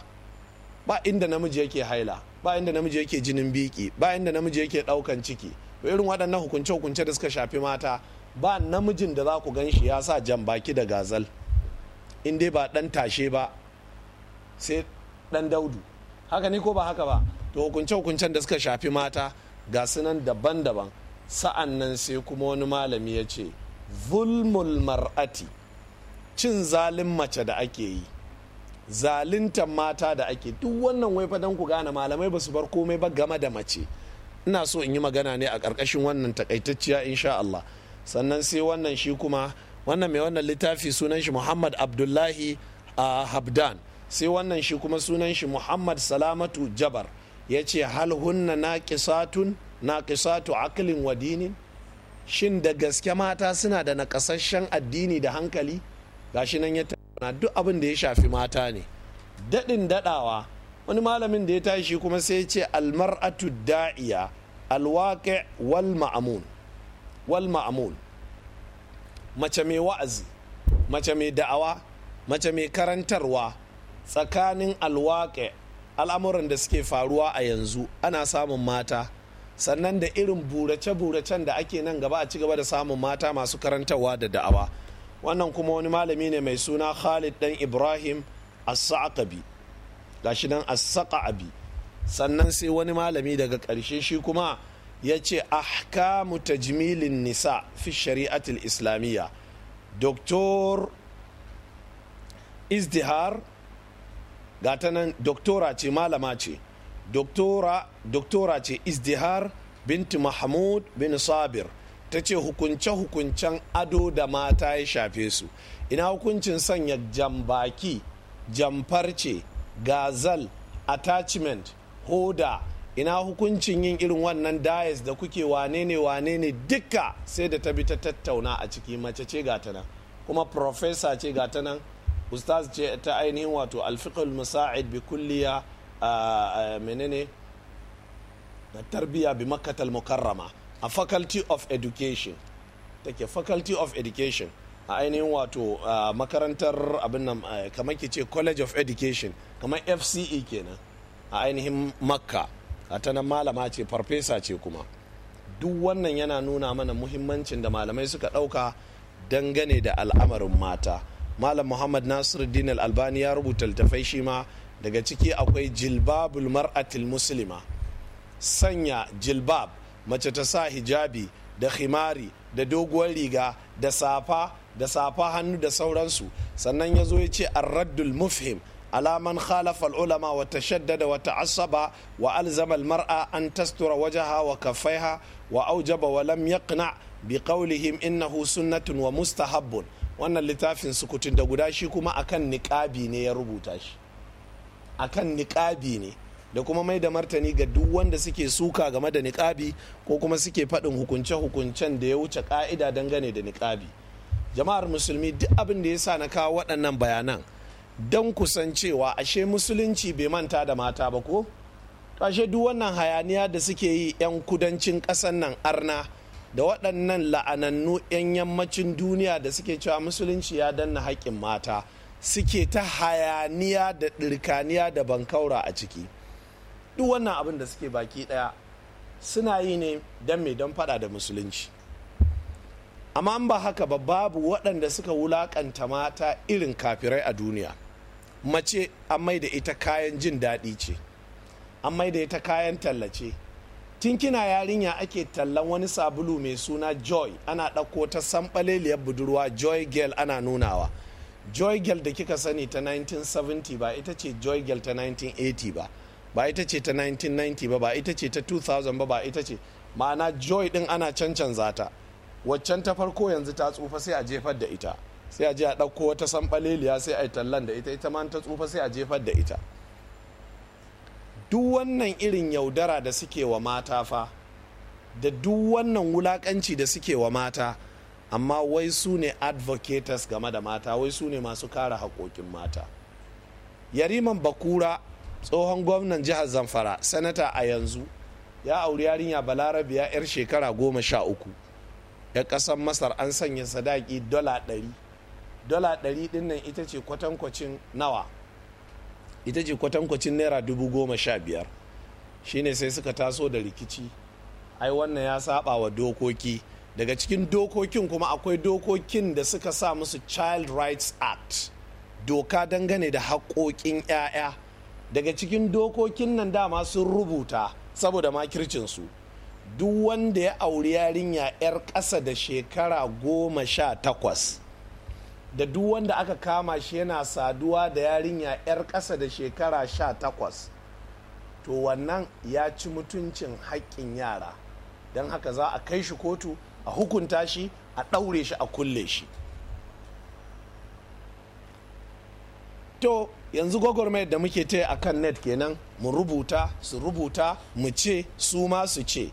ba inda namiji yake haila ba inda namiji yake jinin biki ba inda namiji yake ɗaukan ciki irin waɗannan hukunce-hukunce da suka shafi mata ba namijin da za ku gan shi ya sa jan baki da gazal in dai ba ɗan tashe ba sai ɗan daudu haka ne ko ba haka ba to hukunce-hukuncen da suka shafi mata ga sunan daban-daban sa'an nan sai kuma wani malami ya ce zulmul mar'ati cin zalin mace da ake yi zalintan mata da ake duk wannan wai fa ku gane malamai ba su bar komai ba game da mace ina so in yi magana ne a ƙarƙashin wannan takaitacciya insha Allah sannan sai wannan shi kuma wannan mai wannan littafi sunan shi Muhammad Abdullahi a ah, Habdan sai wannan shi kuma sunan shi Muhammad Salamatu Jabar ya ce hal hunna naqisatun akalin aqlin wa dinin shin da gaske mata suna da nakasashen addini da hankali gashi nan ya tattauna duk abin da ya shafi mata ne daɗin daɗawa wani malamin da ya tashi kuma sai ya ce almar'atu da'iya alwaƙi wal ma'amun wal ma'amun mace mai wa'azi mace mai da'awa mace mai karantarwa tsakanin alwaƙi al'amuran da suke faruwa a yanzu ana samun mata sannan da irin burace-buracen da ake nan gaba a ci gaba da samun mata masu karantarwa da da'awa wannan kuma wani malami ne mai suna khalid dan ibrahim as-saqabi gashi nan as sannan sai wani malami daga ƙarshe shi kuma ya ce ahkamu tajmilin nisa fi shari'atul islamiyya doktor izdihar gata nan doktora ce malama ce doktora doktora ce izdihar binti mahmud bin sabir ta ce hukunce-hukuncen ado da mata ya shafe su ina hukuncin sanya jambaki jamfarce gazal attachment hoda ina hukuncin yin irin wannan dayas da kuke wane ne wane ne duka sai da ta bi ta tattauna a ciki mace ce gata nan kuma profesa ce gata nan ustaz ce ta ainihin wato alfiqhul musa'id bi kulliya uh, uh, menene tarbiya bi makkatal mukarrama a faculty of education take faculty of education a ainihin wato uh, makarantar abin nan kamar ke ce college of education kamar fce kenan a ainihin makka a ta malama ce farfesa ce kuma duk wannan yana nuna mana muhimmancin da malamai suka ɗauka dangane da al'amarin mata malam muhammad nasiruddin albani ya rubuta littafai shi ma daga ciki akwai jilbabul mar'atil muslima sanya jilbab mace ta sa hijabi da khimari da doguwar riga da safa da safa hannu da sauransu sannan ya zo ya ce arraddul mufhim alaman khalafal ulama wa tashaddada wa ta'assaba wa alzama mar'a an tastura wajaha wa kafaiha wa aujaba wa lam yaqna bi qawlihim innahu sunnatun wa mustahabbun wannan littafin sukutun da guda shi kuma akan niƙabi ne ya rubuta shi akan niƙabi ne da kuma mai da martani ga duk wanda suke suka game da niƙabi ko kuma suke faɗin hukunce-hukuncen da ya wuce ƙa'ida dangane da niƙabi jama'ar musulmi duk abin da ya sa na kawo waɗannan bayanan don kusancewa ashe musulunci bai manta da mata ba ko ashe duk wannan hayaniya da suke yi 'yan kudancin ƙasar nan arna da waɗannan la'anannu 'yan yammacin duniya da suke cewa musulunci ya danna haƙƙin mata suke ta hayaniya da ɗirkaniya da bankaura a ciki duk wannan abin da suke baki ɗaya suna yi ne don mai don faɗa da musulunci amma ba haka ba babu waɗanda suka wulaƙanta mata irin kafirai a duniya mace an mai da ita kayan jin daɗi ce an mai da ita kayan tallace tun kina yarinya ake tallan wani sabulu mai suna joy ana ɗauko ta samɓaleliyar budurwa joy girl ana nunawa joy girl da kika sani ta 1970 ba ita ce joy girl ta 1980 ba ba ita ce ta 1990 ba ba ita ce ta 2000 ba ba ita ce ma'ana joy din ana cancanza ta waccan ta farko yanzu ta tsufa sai a jefar da ita sai a je a ɗauko wata sanɓaleliya sai a yi tallan da ita ita ma ta tsufa sai a jefar da ita duk wannan irin yaudara da suke wa mata fa da duk wannan wulakanci da suke wa mata amma wai su ne advocates game da mata wai su ne masu kare haƙoƙin mata yariman bakura tsohon gwamnan jihar zamfara sanata a yanzu ya auri yarinya balarabi ya 'yar shekara goma sha uku ya ƙasar masar an sanya sadaki dola ɗari dola ɗari ɗin ita ce kwatankwacin nawa ita ce kwatankwacin naira dubu goma sha biyar shine sai suka taso da rikici ai wannan ya saba wa dokoki daga cikin dokokin kuma akwai dokokin da suka sa musu child rights act doka dangane da haƙoƙin 'ya'ya daga cikin dokokin nan dama sun rubuta saboda makircinsu duk wanda ya auri yarinya 'yar ƙasa da shekara goma sha takwas da duk wanda aka kama shi yana saduwa da yarinya 'yar ƙasa da shekara sha takwas to wannan ya ci mutuncin haƙƙin yara don haka za a kai shi kotu a hukunta shi a ɗaure shi a kulle shi to yanzu gwagwarmai da muke ta a kan net kenan mu rubuta su rubuta mu ce su ma su ce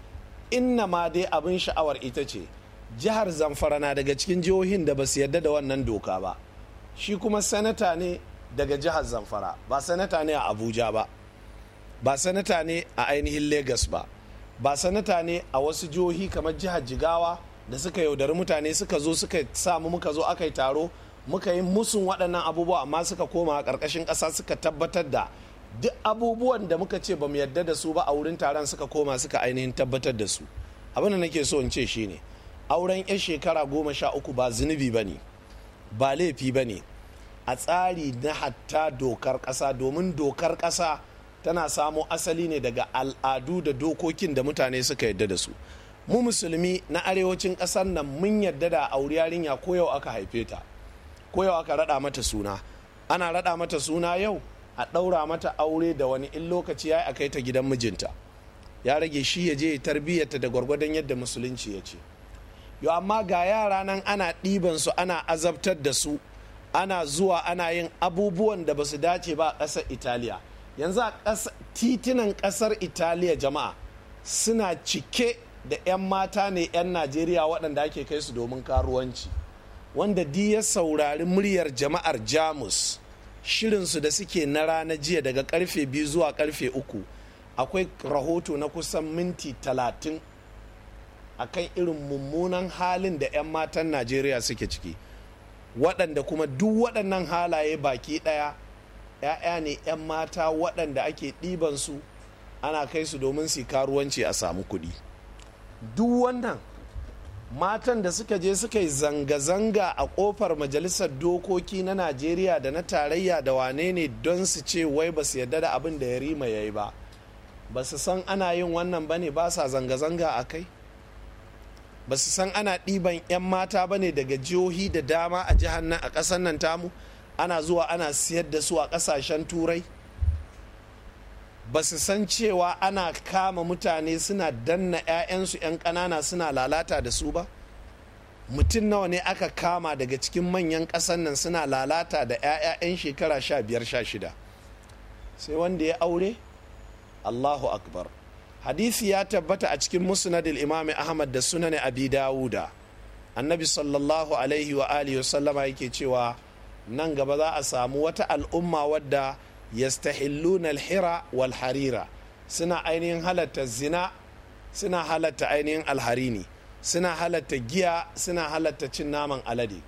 inna ma dai abin sha'awar ita ce jihar zamfara na daga cikin jihohin da ba su yarda da wannan doka ba shi kuma sanata ne daga jihar zamfara ba sanata ne a abuja ba ba sanata ne a ainihin legas ba ba sanata ne a wasu jihohi kamar jihar jigawa da suka yaudari mutane suka zo suka samu muka zo aka yi taro muka yi musun waɗannan abubuwa amma suka koma a ƙarƙashin ƙasa suka tabbatar da duk abubuwan da muka ce ba mu yarda da su ba a wurin taron suka koma suka ainihin tabbatar da su abin da nake so in ce shine ne auren 'yan shekara goma sha uku ba zunubi ba ne ba laifi ba ne a tsari na hatta dokar ƙasa domin dokar ƙasa tana samo asali ne daga al'adu da dokokin da mutane suka yadda da su mu musulmi na arewacin ƙasar nan mun yadda da aure yarinya ko yau aka haife ta ko yau aka raɗa mata suna ana raɗa mata suna yau a ɗaura mata aure da wani in lokaci ya a kai ta gidan mijinta ya rage shi ya je tarbiyyarta da gwargwadon yadda musulunci ya ce yo amma ga yara nan ana ɗiban su ana azabtar da su ana zuwa ana yin abubuwan da ba su dace ba a ƙasar italiya yanzu a titunan ƙasar italiya jama'a suna cike da 'yan mata ne 'yan najeriya waɗanda ake kai su domin karuwanci wanda di ya saurari muryar jama'ar jamus shirinsu da suke na rana jiya daga karfe 2 zuwa karfe uku akwai rahoto na kusan minti talatin akan irin mummunan halin da 'yan matan najeriya suke ciki waɗanda kuma duk waɗannan halaye baki ɗaya 'ya'ya ne 'yan mata waɗanda ake ɗiban su ana kai su domin su karuwanci a samu kuɗi duk wannan matan da suka je suka yi zanga-zanga a ƙofar majalisar dokoki na najeriya da na tarayya da wane ne don su ce wai ba su yarda da abin da ya rima ya yi ba ba su san ana yin wannan ba ne ba sa zanga-zanga a kai ba su san ana ɗiban 'yan mata ba ne daga jihohi da dama a jihar nan a ƙasar nan tamu ana zuwa ana siyar da su a ƙasashen turai ba su san cewa ana kama mutane suna danna 'ya'yansu 'yan ƙanana suna lalata da su ba mutum nawa ne aka kama daga cikin manyan ƙasar nan suna lalata da 'ya'yan shekara 15-16 sai wanda ya aure allahu akbar hadisi ya tabbata a cikin musnadil imami ahmad da sunan abi dawuda annabi sallallahu alaihi wa alihi sallama yake cewa nan gaba za a samu wata al'umma wadda yastahilluna alhira wal harira suna ainihin halatta zina suna halatta ainihin alharini suna halatta giya suna halatta cin naman alade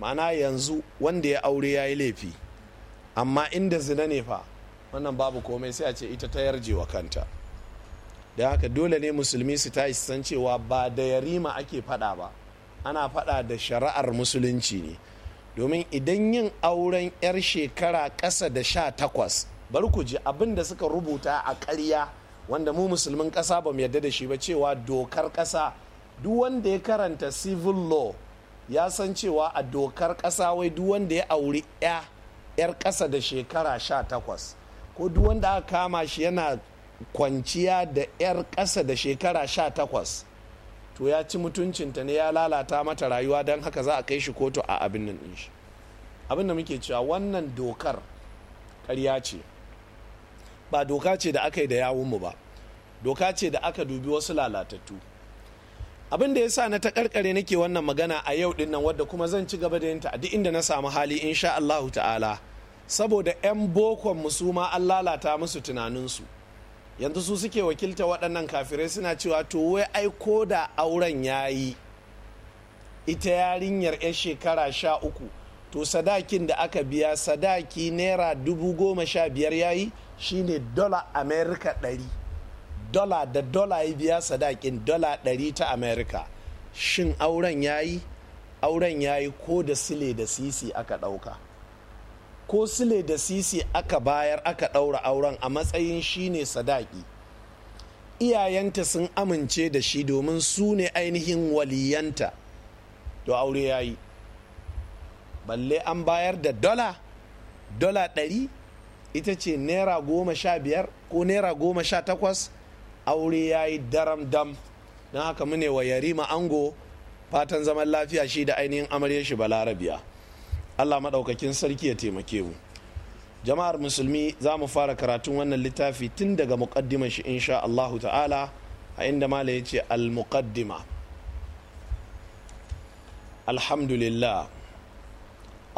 ma'ana yanzu wanda ya aure ya yi laifi amma inda zina ne fa wannan babu komai sai a ce ita ta yarje wa kanta da haka dole ne musulmi su tashi san cewa ba da yarima ake fada ba ana fada da shari'ar musulunci ne domin idan yin auren 'yar shekara ƙasa da sha takwas bari ku ji abin da suka rubuta a karya wanda mu musulmin ƙasa ba mu yarda da shi ba cewa dokar ƙasa duk wanda ya karanta civil law ya san cewa a dokar ƙasa wai duk wanda ya auri 'yar ƙasa da shekara sha takwas ko duk wanda aka kama shi yana kwanciya da 'yar ƙasa da shekara sha takwas to ya ci mutuncinta ne ya lalata mata rayuwa don haka za a kai shi kotu a abin nan ɗin shi abin da muke cewa wannan dokar karya ce ba doka ce da aka yi da yawunmu ba doka ce da aka dubi wasu lalatattu abin da ya sa na ta karkare nake wannan magana a yau dinnan wadda kuma zan ci gaba da yin a duk inda na samu hali insha Allahu ta'ala saboda 'yan bokon musu ma an lalata musu tunaninsu yanzu su suke wakilta waɗannan kafirai suna cewa to wai ai ko da auren ya yi ita yarinyar 'yan shekara sha uku to sadakin da aka biya sadaki naira dubu goma sha biyar ya yi shine dola amerika ɗari dola da dola ya biya sadakin dola ɗari ta amerika shin auren ya yi auren ya yi ko da sile da sisi aka ɗauka ko sile da sisi aka bayar aka ɗaura auren a matsayin shine sadaki iyayenta sun amince da shi domin su ne ainihin waliyanta to aure ya yi balle an bayar da dola dola ɗari ita ce naira goma sha biyar ko naira goma sha takwas aure ya yi daram dam don haka mune wa yarima ango fatan zaman lafiya shi da ainihin amarya shi balarabiya allah maɗaukakin sarki ya taimake mu jama'ar musulmi za mu fara karatun wannan littafi tun daga muƙaddimar shi insha Allah ta'ala a inda mala ya ce al-muqaddima alhamdulillah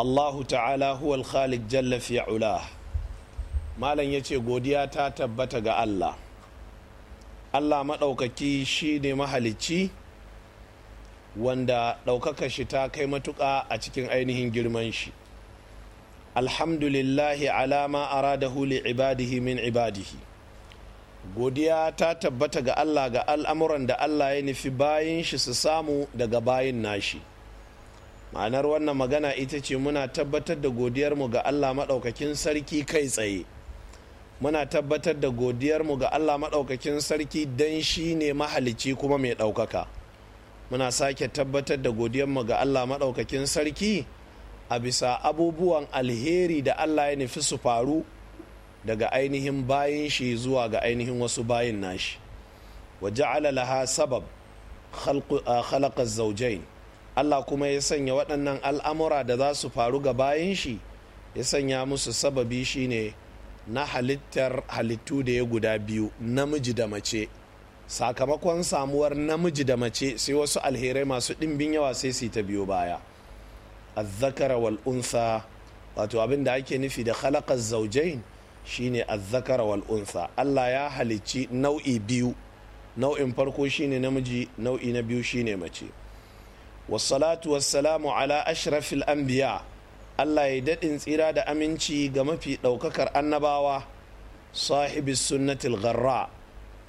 Allah ta'ala huwal khalik jalla fi'ula malam ya ce godiya ta tabbata ga allah allah maɗaukaki shi ne mahalicci wanda ɗaukakar shi ta kai matuƙa a cikin ainihin girman shi alhamdulillahi alama aradahu huli, ibadihi min ibadihi godiya ta tabbata ga allah ga al'amuran da allah ya nufi bayan shi su samu daga bayin nashi ma'anar wannan magana ita ce muna tabbatar da godiyarmu ga allah maɗaukakin sarki kai tsaye muna tabbatar da godiyarmu ga allah maɗaukakin sarki don shi ne mahalicci kuma mai ɗaukaka muna sake tabbatar da godiyanmu ga allah maɗaukakin sarki a bisa abubuwan alheri da allah ya nufi su faru daga ainihin bayin shi zuwa ga ainihin wasu bayin nashi wa ja'ala laha sabab khalaqa zawjain allah kuma ya sanya waɗannan al'amura da za su faru ga bayan shi ya sanya musu sababi shine na halittar halittu da ya guda biyu namiji da mace sakamakon samuwar namiji da mace sai wasu alherai masu ɗimbin yawa sai su ta biyo baya azzakara wal unsa wato abin da ake nufi da khalaqaz zaujain shine azzakara wal unsa Allah ya halicci nau'i biyu nau'in farko shine namiji nau'i na biyu shine mace wassalatu wassalamu ala ashrafil anbiya Allah ya daɗin tsira da aminci ga mafi ɗaukakar annabawa sahibi sunnatil gharra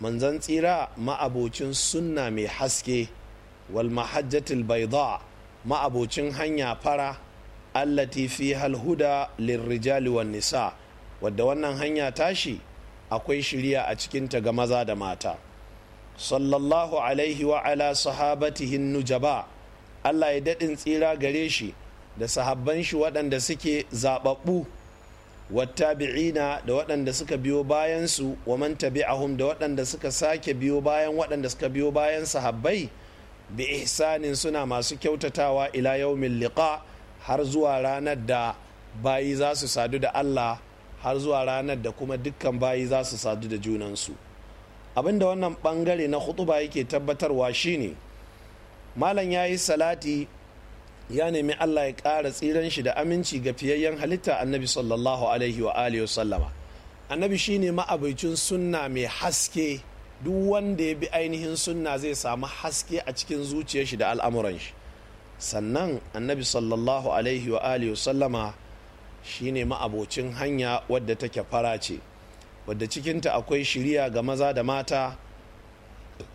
manzan tsira ma'abocin sunna mai haske wal mahajjatul baida ma'abocin hanya fara allati fi halhuda lirrijali wan nisa wadda wannan hanya tashi akwai shirya a cikin ta ga maza da mata sallallahu alaihi wa ala sahabatihin nujaba allah ya daɗin tsira gare shi da sahabban shi waɗanda suke zaɓaɓɓu wattabi'ina da waɗanda suka biyo bayansu wa man tabi'ahum da waɗanda suka sake biyo bayan waɗanda suka biyo bayan sahabbai bi ihsanin suna masu kyautatawa ila yaumin liƙa har zuwa ranar da bayi za su sadu da Allah har zuwa ranar da kuma dukkan bayi za su sadu da junansu abinda wannan bangare na hutuba yake tabbatarwa shine malam ya yi salati ya nemi Allah ya ƙara tsiran shi da aminci ga fiyayyen halitta annabi sallallahu alaihi wa alihi sallama annabi shine ma'abicin sunna mai haske duk wanda ya bi ainihin sunna zai samu haske a cikin zuciyar shi da al'amuran shi sannan annabi sallallahu alaihi wa alihi sallama shine ma'abocin hanya wadda take fara ce wadda cikinta akwai shiriya ga maza da mata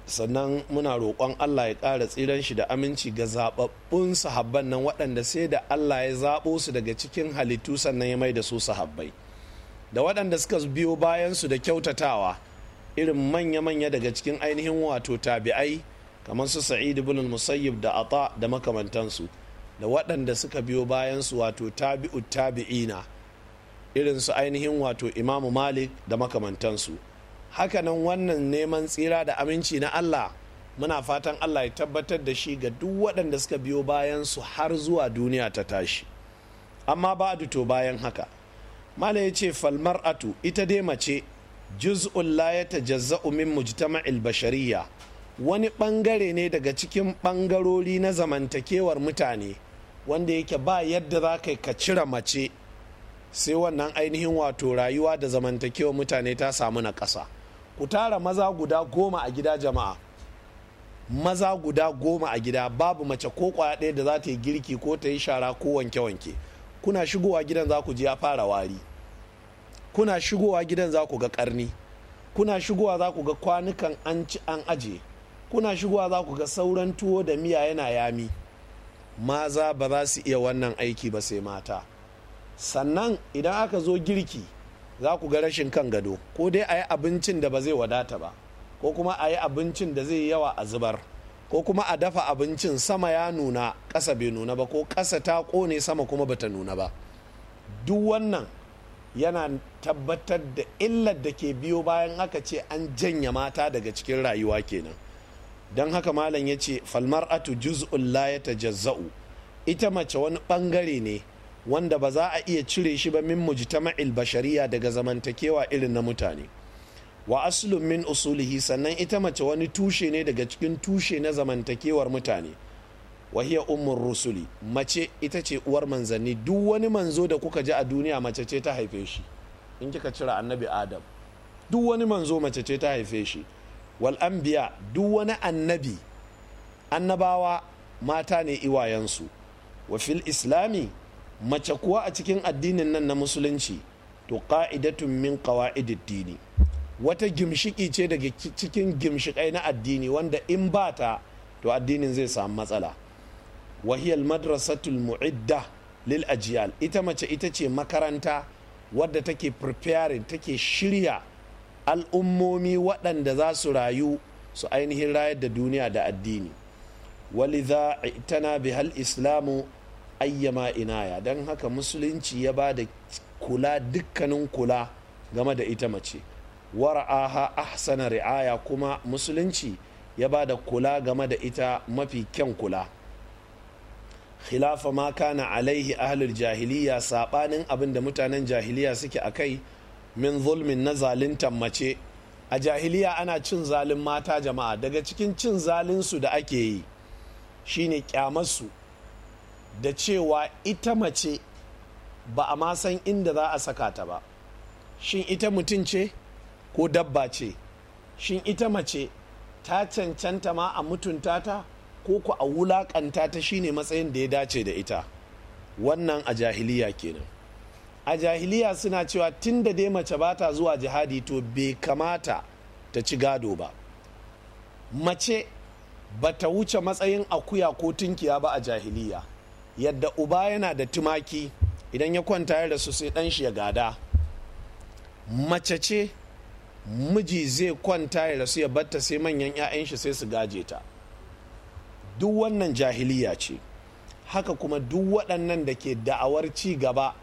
sannan muna roƙon allah ya ƙara tsiran shi da aminci ga zaɓaɓɓun sahabban nan waɗanda sai da allah ya zaɓo su daga cikin halittu sannan ya mai da su sahabbai da waɗanda suka biyo bayansu da kyautatawa irin manya-manya daga cikin ainihin wato tabi'ai kamar su sa'id ibn musayyib da ata da makamantansu da waɗanda suka biyo bayansu wato tabi'u tabi'ina irin su ainihin wato imamu malik da makamantansu hakanan wannan neman tsira da aminci na allah muna fatan allah ya tabbatar da shi ga duk waɗanda suka biyo bayan su har zuwa duniya ta tashi amma ba to bayan haka mala ya ce atu ita dai mace juz'un la ya tajazza'u min mujtama'il bashariya wani bangare ne daga cikin ɓangarori na zamantakewar mutane wanda yake ba yadda za ka ka cire mace sai wannan ainihin wato rayuwa da zamantakewar mutane ta samu na ƙasa. ku tara maza guda goma a gida jama'a maza guda goma a gida babu mace ko kwaya ɗaya da za ta yi girki ko ta yi shara ko wanke-wanke kuna shigowa gidan za ku je ya fara wari kuna shigowa gidan za ku ga karni kuna shigowa za ku ga kwanukan an ci an aje kuna shigowa za ku ga sauran tuwo da miya yana yami maza ba za su iya wannan aiki ba sai mata sannan idan aka zo girki za ku ga rashin kan gado ko dai a yi abincin da ba zai wadata ba ko kuma a yi abincin da zai yawa a zubar ko kuma a dafa abincin sama ya nuna ƙasa bai nuna ba ko ƙasa ta ƙone sama kuma bata nuna ba duk wannan yana tabbatar da illar da ke biyo bayan aka ce an janya mata daga cikin rayuwa kenan don haka malam ya ce falmar'atu juz'un la ya tajazza'u ita mace wani ɓangare ne wanda ba za a iya cire shi ba min mujtama'il bashariya daga zamantakewa irin na mutane wa aslun min usulihi sannan ita mace wani tushe ne daga cikin tushe na zamantakewar mutane wahiya umar ummur rusuli mace ita ce uwar manzanni duk wani manzo da kuka ji a duniya mace ce ta haife shi in kika cire annabi adam duk wani manzo mace ce ta haife shi wal anbiya duk wani annabi annabawa mata ne iwayensu wa fil islami mace kuwa a cikin addinin nan na musulunci to ka'idatun min qawa'idid dini wata gimshiki ce daga cikin gimshikai na addini wanda in ba ta to addinin zai samu matsala wahiyal madrasatul mu'idda lil ajiyal ita mace ita ce makaranta wadda take preparing take shirya al'ummomi waɗanda za su rayu su ainihin rayar da duniya da addini walidha itana bihal islamu ayyama inaya don haka musulunci ya ba da kula dukkanin kula game da ita mace wara'aha ahsana ri'aya kuma musulunci ya ba da kula game da ita mafi kyan kula khilafa ma kana alaihi ahlul jahiliya sabanin abin da mutanen jahiliya suke a kai min zulmin na zalintan mace a jahiliya ana cin zalin mata jama'a daga cikin cin zalinsu da ake yi shine kyamarsu da cewa ita mace ba a ma san inda za a saka ta ba shin ita mutum ce ko dabba ce shin ita mace ta cancanta ma a mutunta ta ko ku a wulakanta ta shine matsayin da ya dace da ita wannan a jahiliya kenan a jahiliya suna cewa tun da dai mace ba ta zuwa jihadi to bai kamata ta ci gado ba mace ba ta wuce matsayin akuya ko tunkiya ba a jahiliya yadda uba yana da tumaki idan ya kwanta ya rasu sai dan shi ya gada mace ce miji zai kwanta ya rasu ya batta sai manyan 'ya'yan shi sai su gaje ta duk wannan jahiliya ce haka kuma duk waɗannan da ke da'awar ci gaba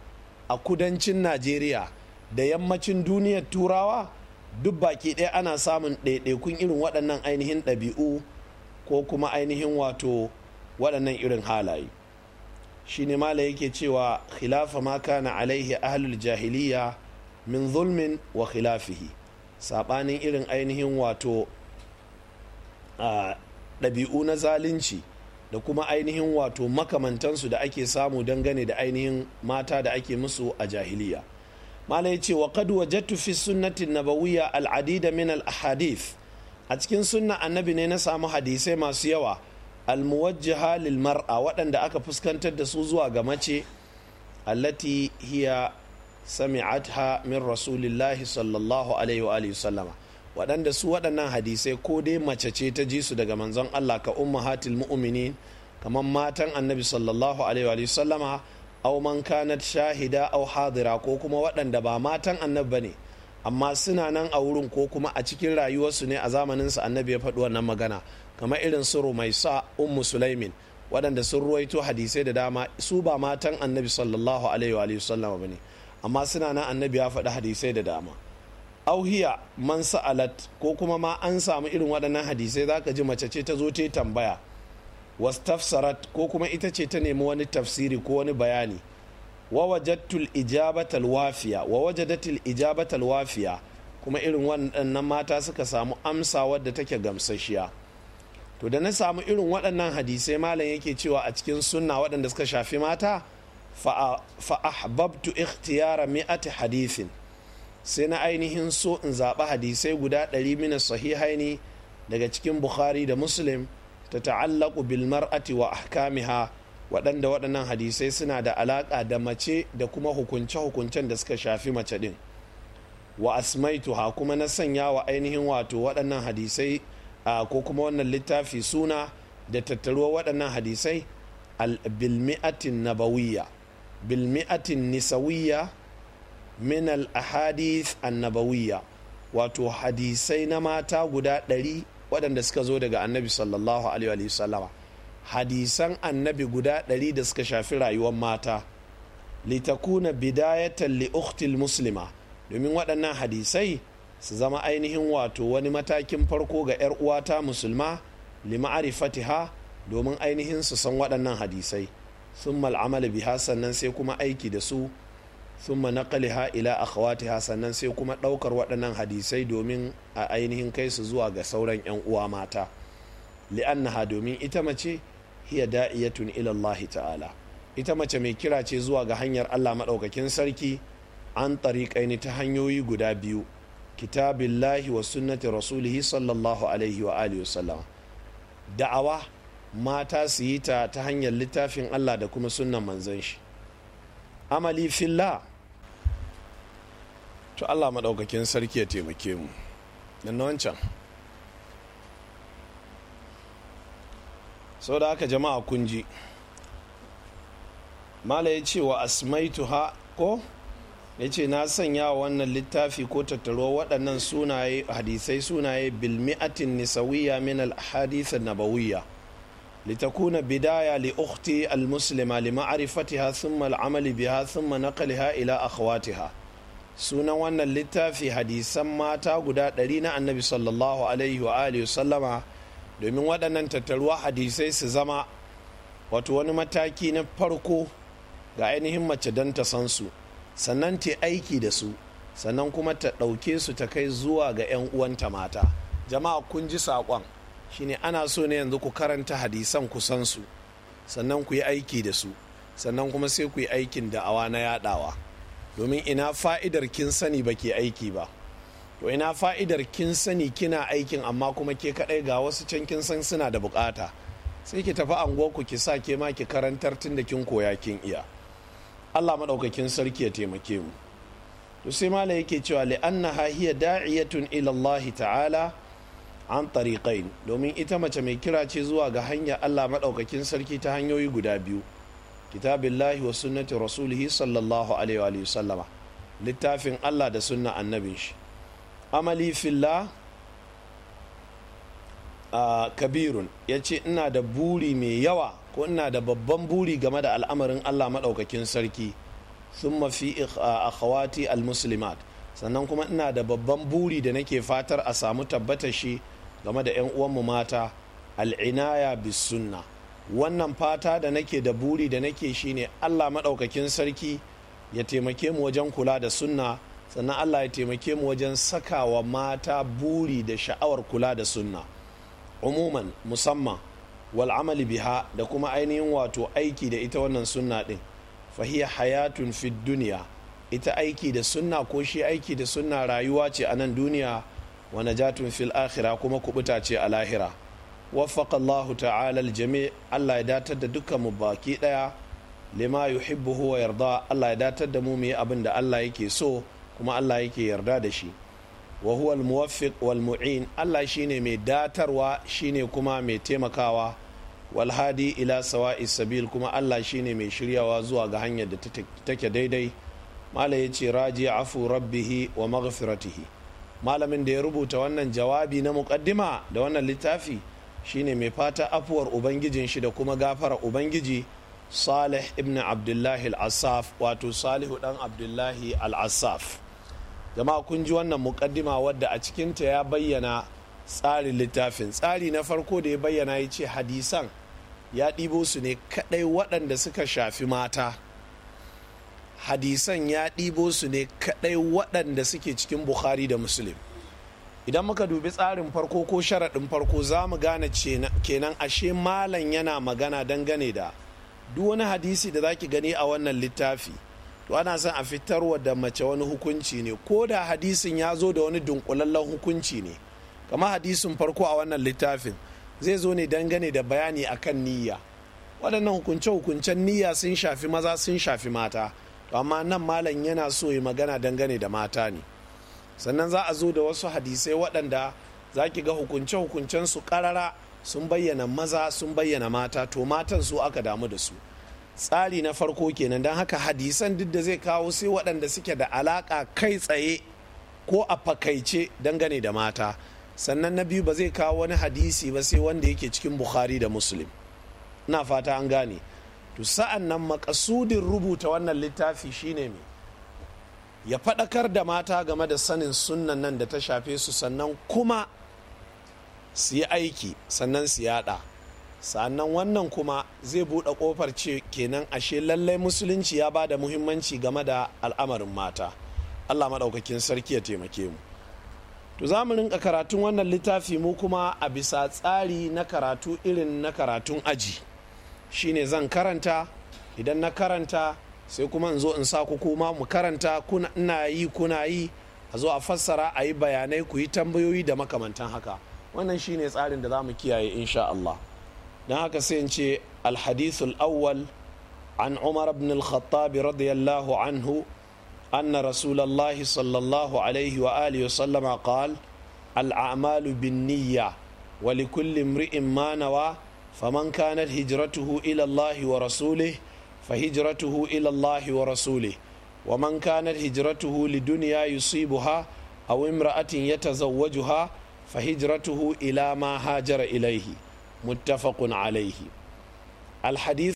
a kudancin najeriya da yammacin duniyar turawa duk baki ɗaya ana samun ɗaiɗaikun irin waɗannan ainihin ɗabi'u ko kuma ainihin wato waɗannan irin halaye shine mala yake cewa khilafa ma kana alaihi ahlul jahiliya min zulmin wa khilafihi sabanin irin ainihin wato ɗabi'u na zalunci da kuma ainihin wato makamantansu da ake samu dangane da ainihin mata da ake musu a jahiliya mala yace wa qad wajadtu fi sunnati nabawiyya al'adida min al ahadith a cikin sunna annabi ne na samu hadisai masu yawa almuwajjaha lil mar'a waɗanda aka fuskantar da su zuwa ga mace allati hiya sami'atha min rasulillahi sallallahu alaihi wa alihi sallama waɗanda su waɗannan hadisai ko dai mace ce ta ji su daga manzon Allah ka ummahatil mu'minin kamar matan annabi sallallahu alaihi wa sallama aw man kanat shahida aw hadira ko kuma waɗanda ba matan annabi bane amma suna nan a wurin ko kuma a cikin rayuwarsu ne a zamanin sa annabi ya faɗi wannan magana kamar irin su rumaisa ummu sulaimin waɗanda sun ruwaito hadisai da dama su ba matan annabi sallallahu alaihi wa sallama ba amma suna nan annabi ya faɗi hadisai da dama auhiya man sa'alat ko kuma ma an samu irin waɗannan hadisai zaka ji mace ce ta zo ta tambaya wastafsarat ko kuma ita ce ta nemi wani tafsiri ko wani bayani wa wajadtul ijabatal wafiya wa ijabatal wafiya kuma irin waɗannan mata suka samu amsa wadda take gamsashiya to da na samu irin waɗannan hadisai malam yake cewa a cikin sunna waɗanda suka shafi mata fa'ahbabtu ikhtiyara mi'ati hadisin sai na ainihin so in zaɓi hadisai guda ɗari mina sahihaini daga cikin bukhari da muslim ta ta'allaku bil mar'ati wa ahkamiha waɗanda waɗannan hadisai suna da alaƙa da mace da kuma hukunce-hukuncen da suka shafi mace ɗin wa asmaituha kuma na sanya wa ainihin wato waɗannan hadisai ko kuma wannan littafi suna da tattaruwa waɗannan hadisai bilmi'atin nabawiyya bilmi'atin nisawiyya min al-ahadith annabawiyya wato hadisai na mata guda ɗari waɗanda suka zo daga annabi sallallahu alaihi wa sallama hadisan annabi guda ɗari da suka shafi rayuwar mata litakuna bidayatan li ukhtil muslima domin waɗannan hadisai su zama ainihin wato wani matakin farko ga 'yar uwata musulma fatiha domin ainihin su san waɗannan hadisai sun mal'amal biha sannan sai kuma aiki da su sun ha ila akhawatiha sannan sai kuma ɗaukar waɗannan hadisai domin a ainihin kai su zuwa ga sauran 'yan uwa mata li'annaha domin ita mace hiya da'iyatun ila Allah ta'ala ita mace mai kira ce zuwa ga hanyar Allah maɗaukakin sarki an tariƙaini ta hanyoyi guda biyu kitabillahi wa sunnati rasulihi sallallahu alaihi wa alihi da'awa mata su yi ta ta hanyar littafin Allah da kuma sunan manzon shi amali filla? to Allah maɗaukakin sarki ya taimake mu Nan wancan sau da haka jama'a kunji ji. ya ce wa asmaituha ko ya ce na sanya wannan littafi ko tattaro waɗannan sunaye hadisai sunaye bilmi'atin nisawiya min al-hadith nabawiyya litakuna bidaya li ukhti al-muslima li ma'rifatiha thumma al amal biha thumma naqliha ila akhawatiha sunan wannan littafi hadisan mata guda ɗari na annabi sallallahu alaihi wa alihi sallama domin waɗannan tattaruwa hadisai su zama wato wani mataki na farko ga ainihin mace don ta san su sannan ta aiki da su sannan kuma ta ɗauke su ta kai zuwa ga 'yan uwanta mata jama'a kun ji saƙon shine ana so ne yanzu ku karanta hadisan ku su sannan ku yi aiki da su sannan kuma sai ku yi aikin awa na yaɗawa domin ina fa'idar kin sani ba ke aiki ba to ina fa'idar kin sani kina aikin amma kuma ke kaɗai ga wasu can kin san suna da bukata sai ki tafi anguwa ku ki sa ke ma ki karantar tun da kin koya kin iya allah maɗaukakin sarki ya taimake mu to sai mala yake cewa li'anna hiya da'iyatun ila allah ta'ala an tariqain domin ita mace mai kira ce zuwa ga hanya allah maɗaukakin sarki ta hanyoyi guda biyu kitabillahi wa sunnatin rasulihi sallallahu alaihi wa sallama littafin allah da sunna annabin shi amali fillah uh, kabirun ya ce ina da buri mai yawa ko ina da babban buri game da al'amarin allah maɗaukakin sarki sun mafi akhawati al-muslimat sannan kuma ina da babban buri da nake fatar a samu tabbatar shi game da 'yan uwanmu mata al'inaya bis sunna wannan fata da nake da buri da nake shine allah maɗaukakin sarki ya taimake mu wajen kula da sunna sannan allah ya taimake mu wajen sakawa mata buri da sha'awar kula da sunna umuman musamman wal biha da kuma ainihin wato aiki da ita wannan sunna din fahiya hayatun fid duniya ita aiki da sunna ko shi aiki da sunna rayuwa ce a nan duniya wa najatun fil akhira kuma kubuta ce a lahira waffaqa Allahu ta'ala aljami Allah ya datar da dukkan mu baki daya lima yuhibbu wa yarda Allah ya datar da mu mu yi abin da Allah yake so kuma Allah yake yarda da shi wa huwa al-muwaffiq wal mu'in Allah shine mai datarwa shine kuma mai taimakawa wal hadi ila sawa'i sabil kuma Allah shine mai shiryawa zuwa ga hanyar da take daidai mala yace raji afu rabbihi wa maghfiratihi malamin da ya rubuta wannan jawabi na muqaddima da wannan littafi shine mai fata afuwar ubangijin shi da kuma gafara ubangiji salih ibn abdullahi al-asaf wato salihu dan abdullahi al-asaf jama'a kun ji wannan mukaddima wadda a cikinta ya bayyana tsarin littafin tsari na farko da ya bayyana ya ce hadisan ya ɗibo su ne kaɗai waɗanda suka shafi mata hadisan ya ɗibo su ne kaɗai waɗanda suke cikin bukhari da muslim idan muka dubi tsarin farko ko sharaɗin farko za mu gane kenan ashe malam yana magana dangane da duk wani hadisi da za ki gani a wannan littafi to ana son a fitarwa da mace wani hukunci ne ko da hadisin ya zo da wani dunkulallen hukunci ne kama hadisin farko a wannan littafin zai zo ne dangane da bayani akan niyya waɗannan hukunce-hukuncen niyya sun shafi maza sun shafi mata to amma nan malam yana so yi magana dangane da mata ne sannan za a zo da wasu hadisai waɗanda za ki ga hukunce-hukuncen su ƙarara sun bayyana maza sun bayyana mata to matan su aka damu da su tsari na farko kenan don haka hadisan duk da zai kawo sai waɗanda suke da alaƙa kai tsaye ko a fakaice dangane da mata sannan na biyu ba zai kawo wani hadisi ba sai wanda yake cikin bukhari da muslim na fata an gane to sa'an nan makasudin rubuta wannan littafi shine mai ya faɗakar da mata game da sanin sunan nan da ta shafe su sannan kuma su yi aiki sannan su yada sannan wannan kuma zai buɗe kofar ce kenan ashe lallai musulunci ya ba da muhimmanci game da al'amarin mata allah maɗaukakin sarki ya taimake mu to za mu rinka karatun wannan littafi mu kuma a bisa tsari na karatu irin na karatun aji shine zan karanta idan na karanta sai kuma in zo in sa ku kuma mu karanta kuna ina yi kuna yi a zo a fassara a yi bayanai ku yi tambayoyi da makamantan haka wannan shine tsarin da za mu kiyaye insha Allah don haka sai in ce alhadithul awwal an umar ibn al-khattab radiyallahu anhu أن رسول الله صلى الله عليه وآله وسلم قال الأعمال بالنية ولكل امرئ ما نوى فمن كانت هجرته إلى الله ورسوله فهجرته إلى الله ورسوله ومن كانت هجرته لدنيا يصيبها أو امرأة يتزوجها فهجرته إلى ما هاجر إليه متفق عليه الحديث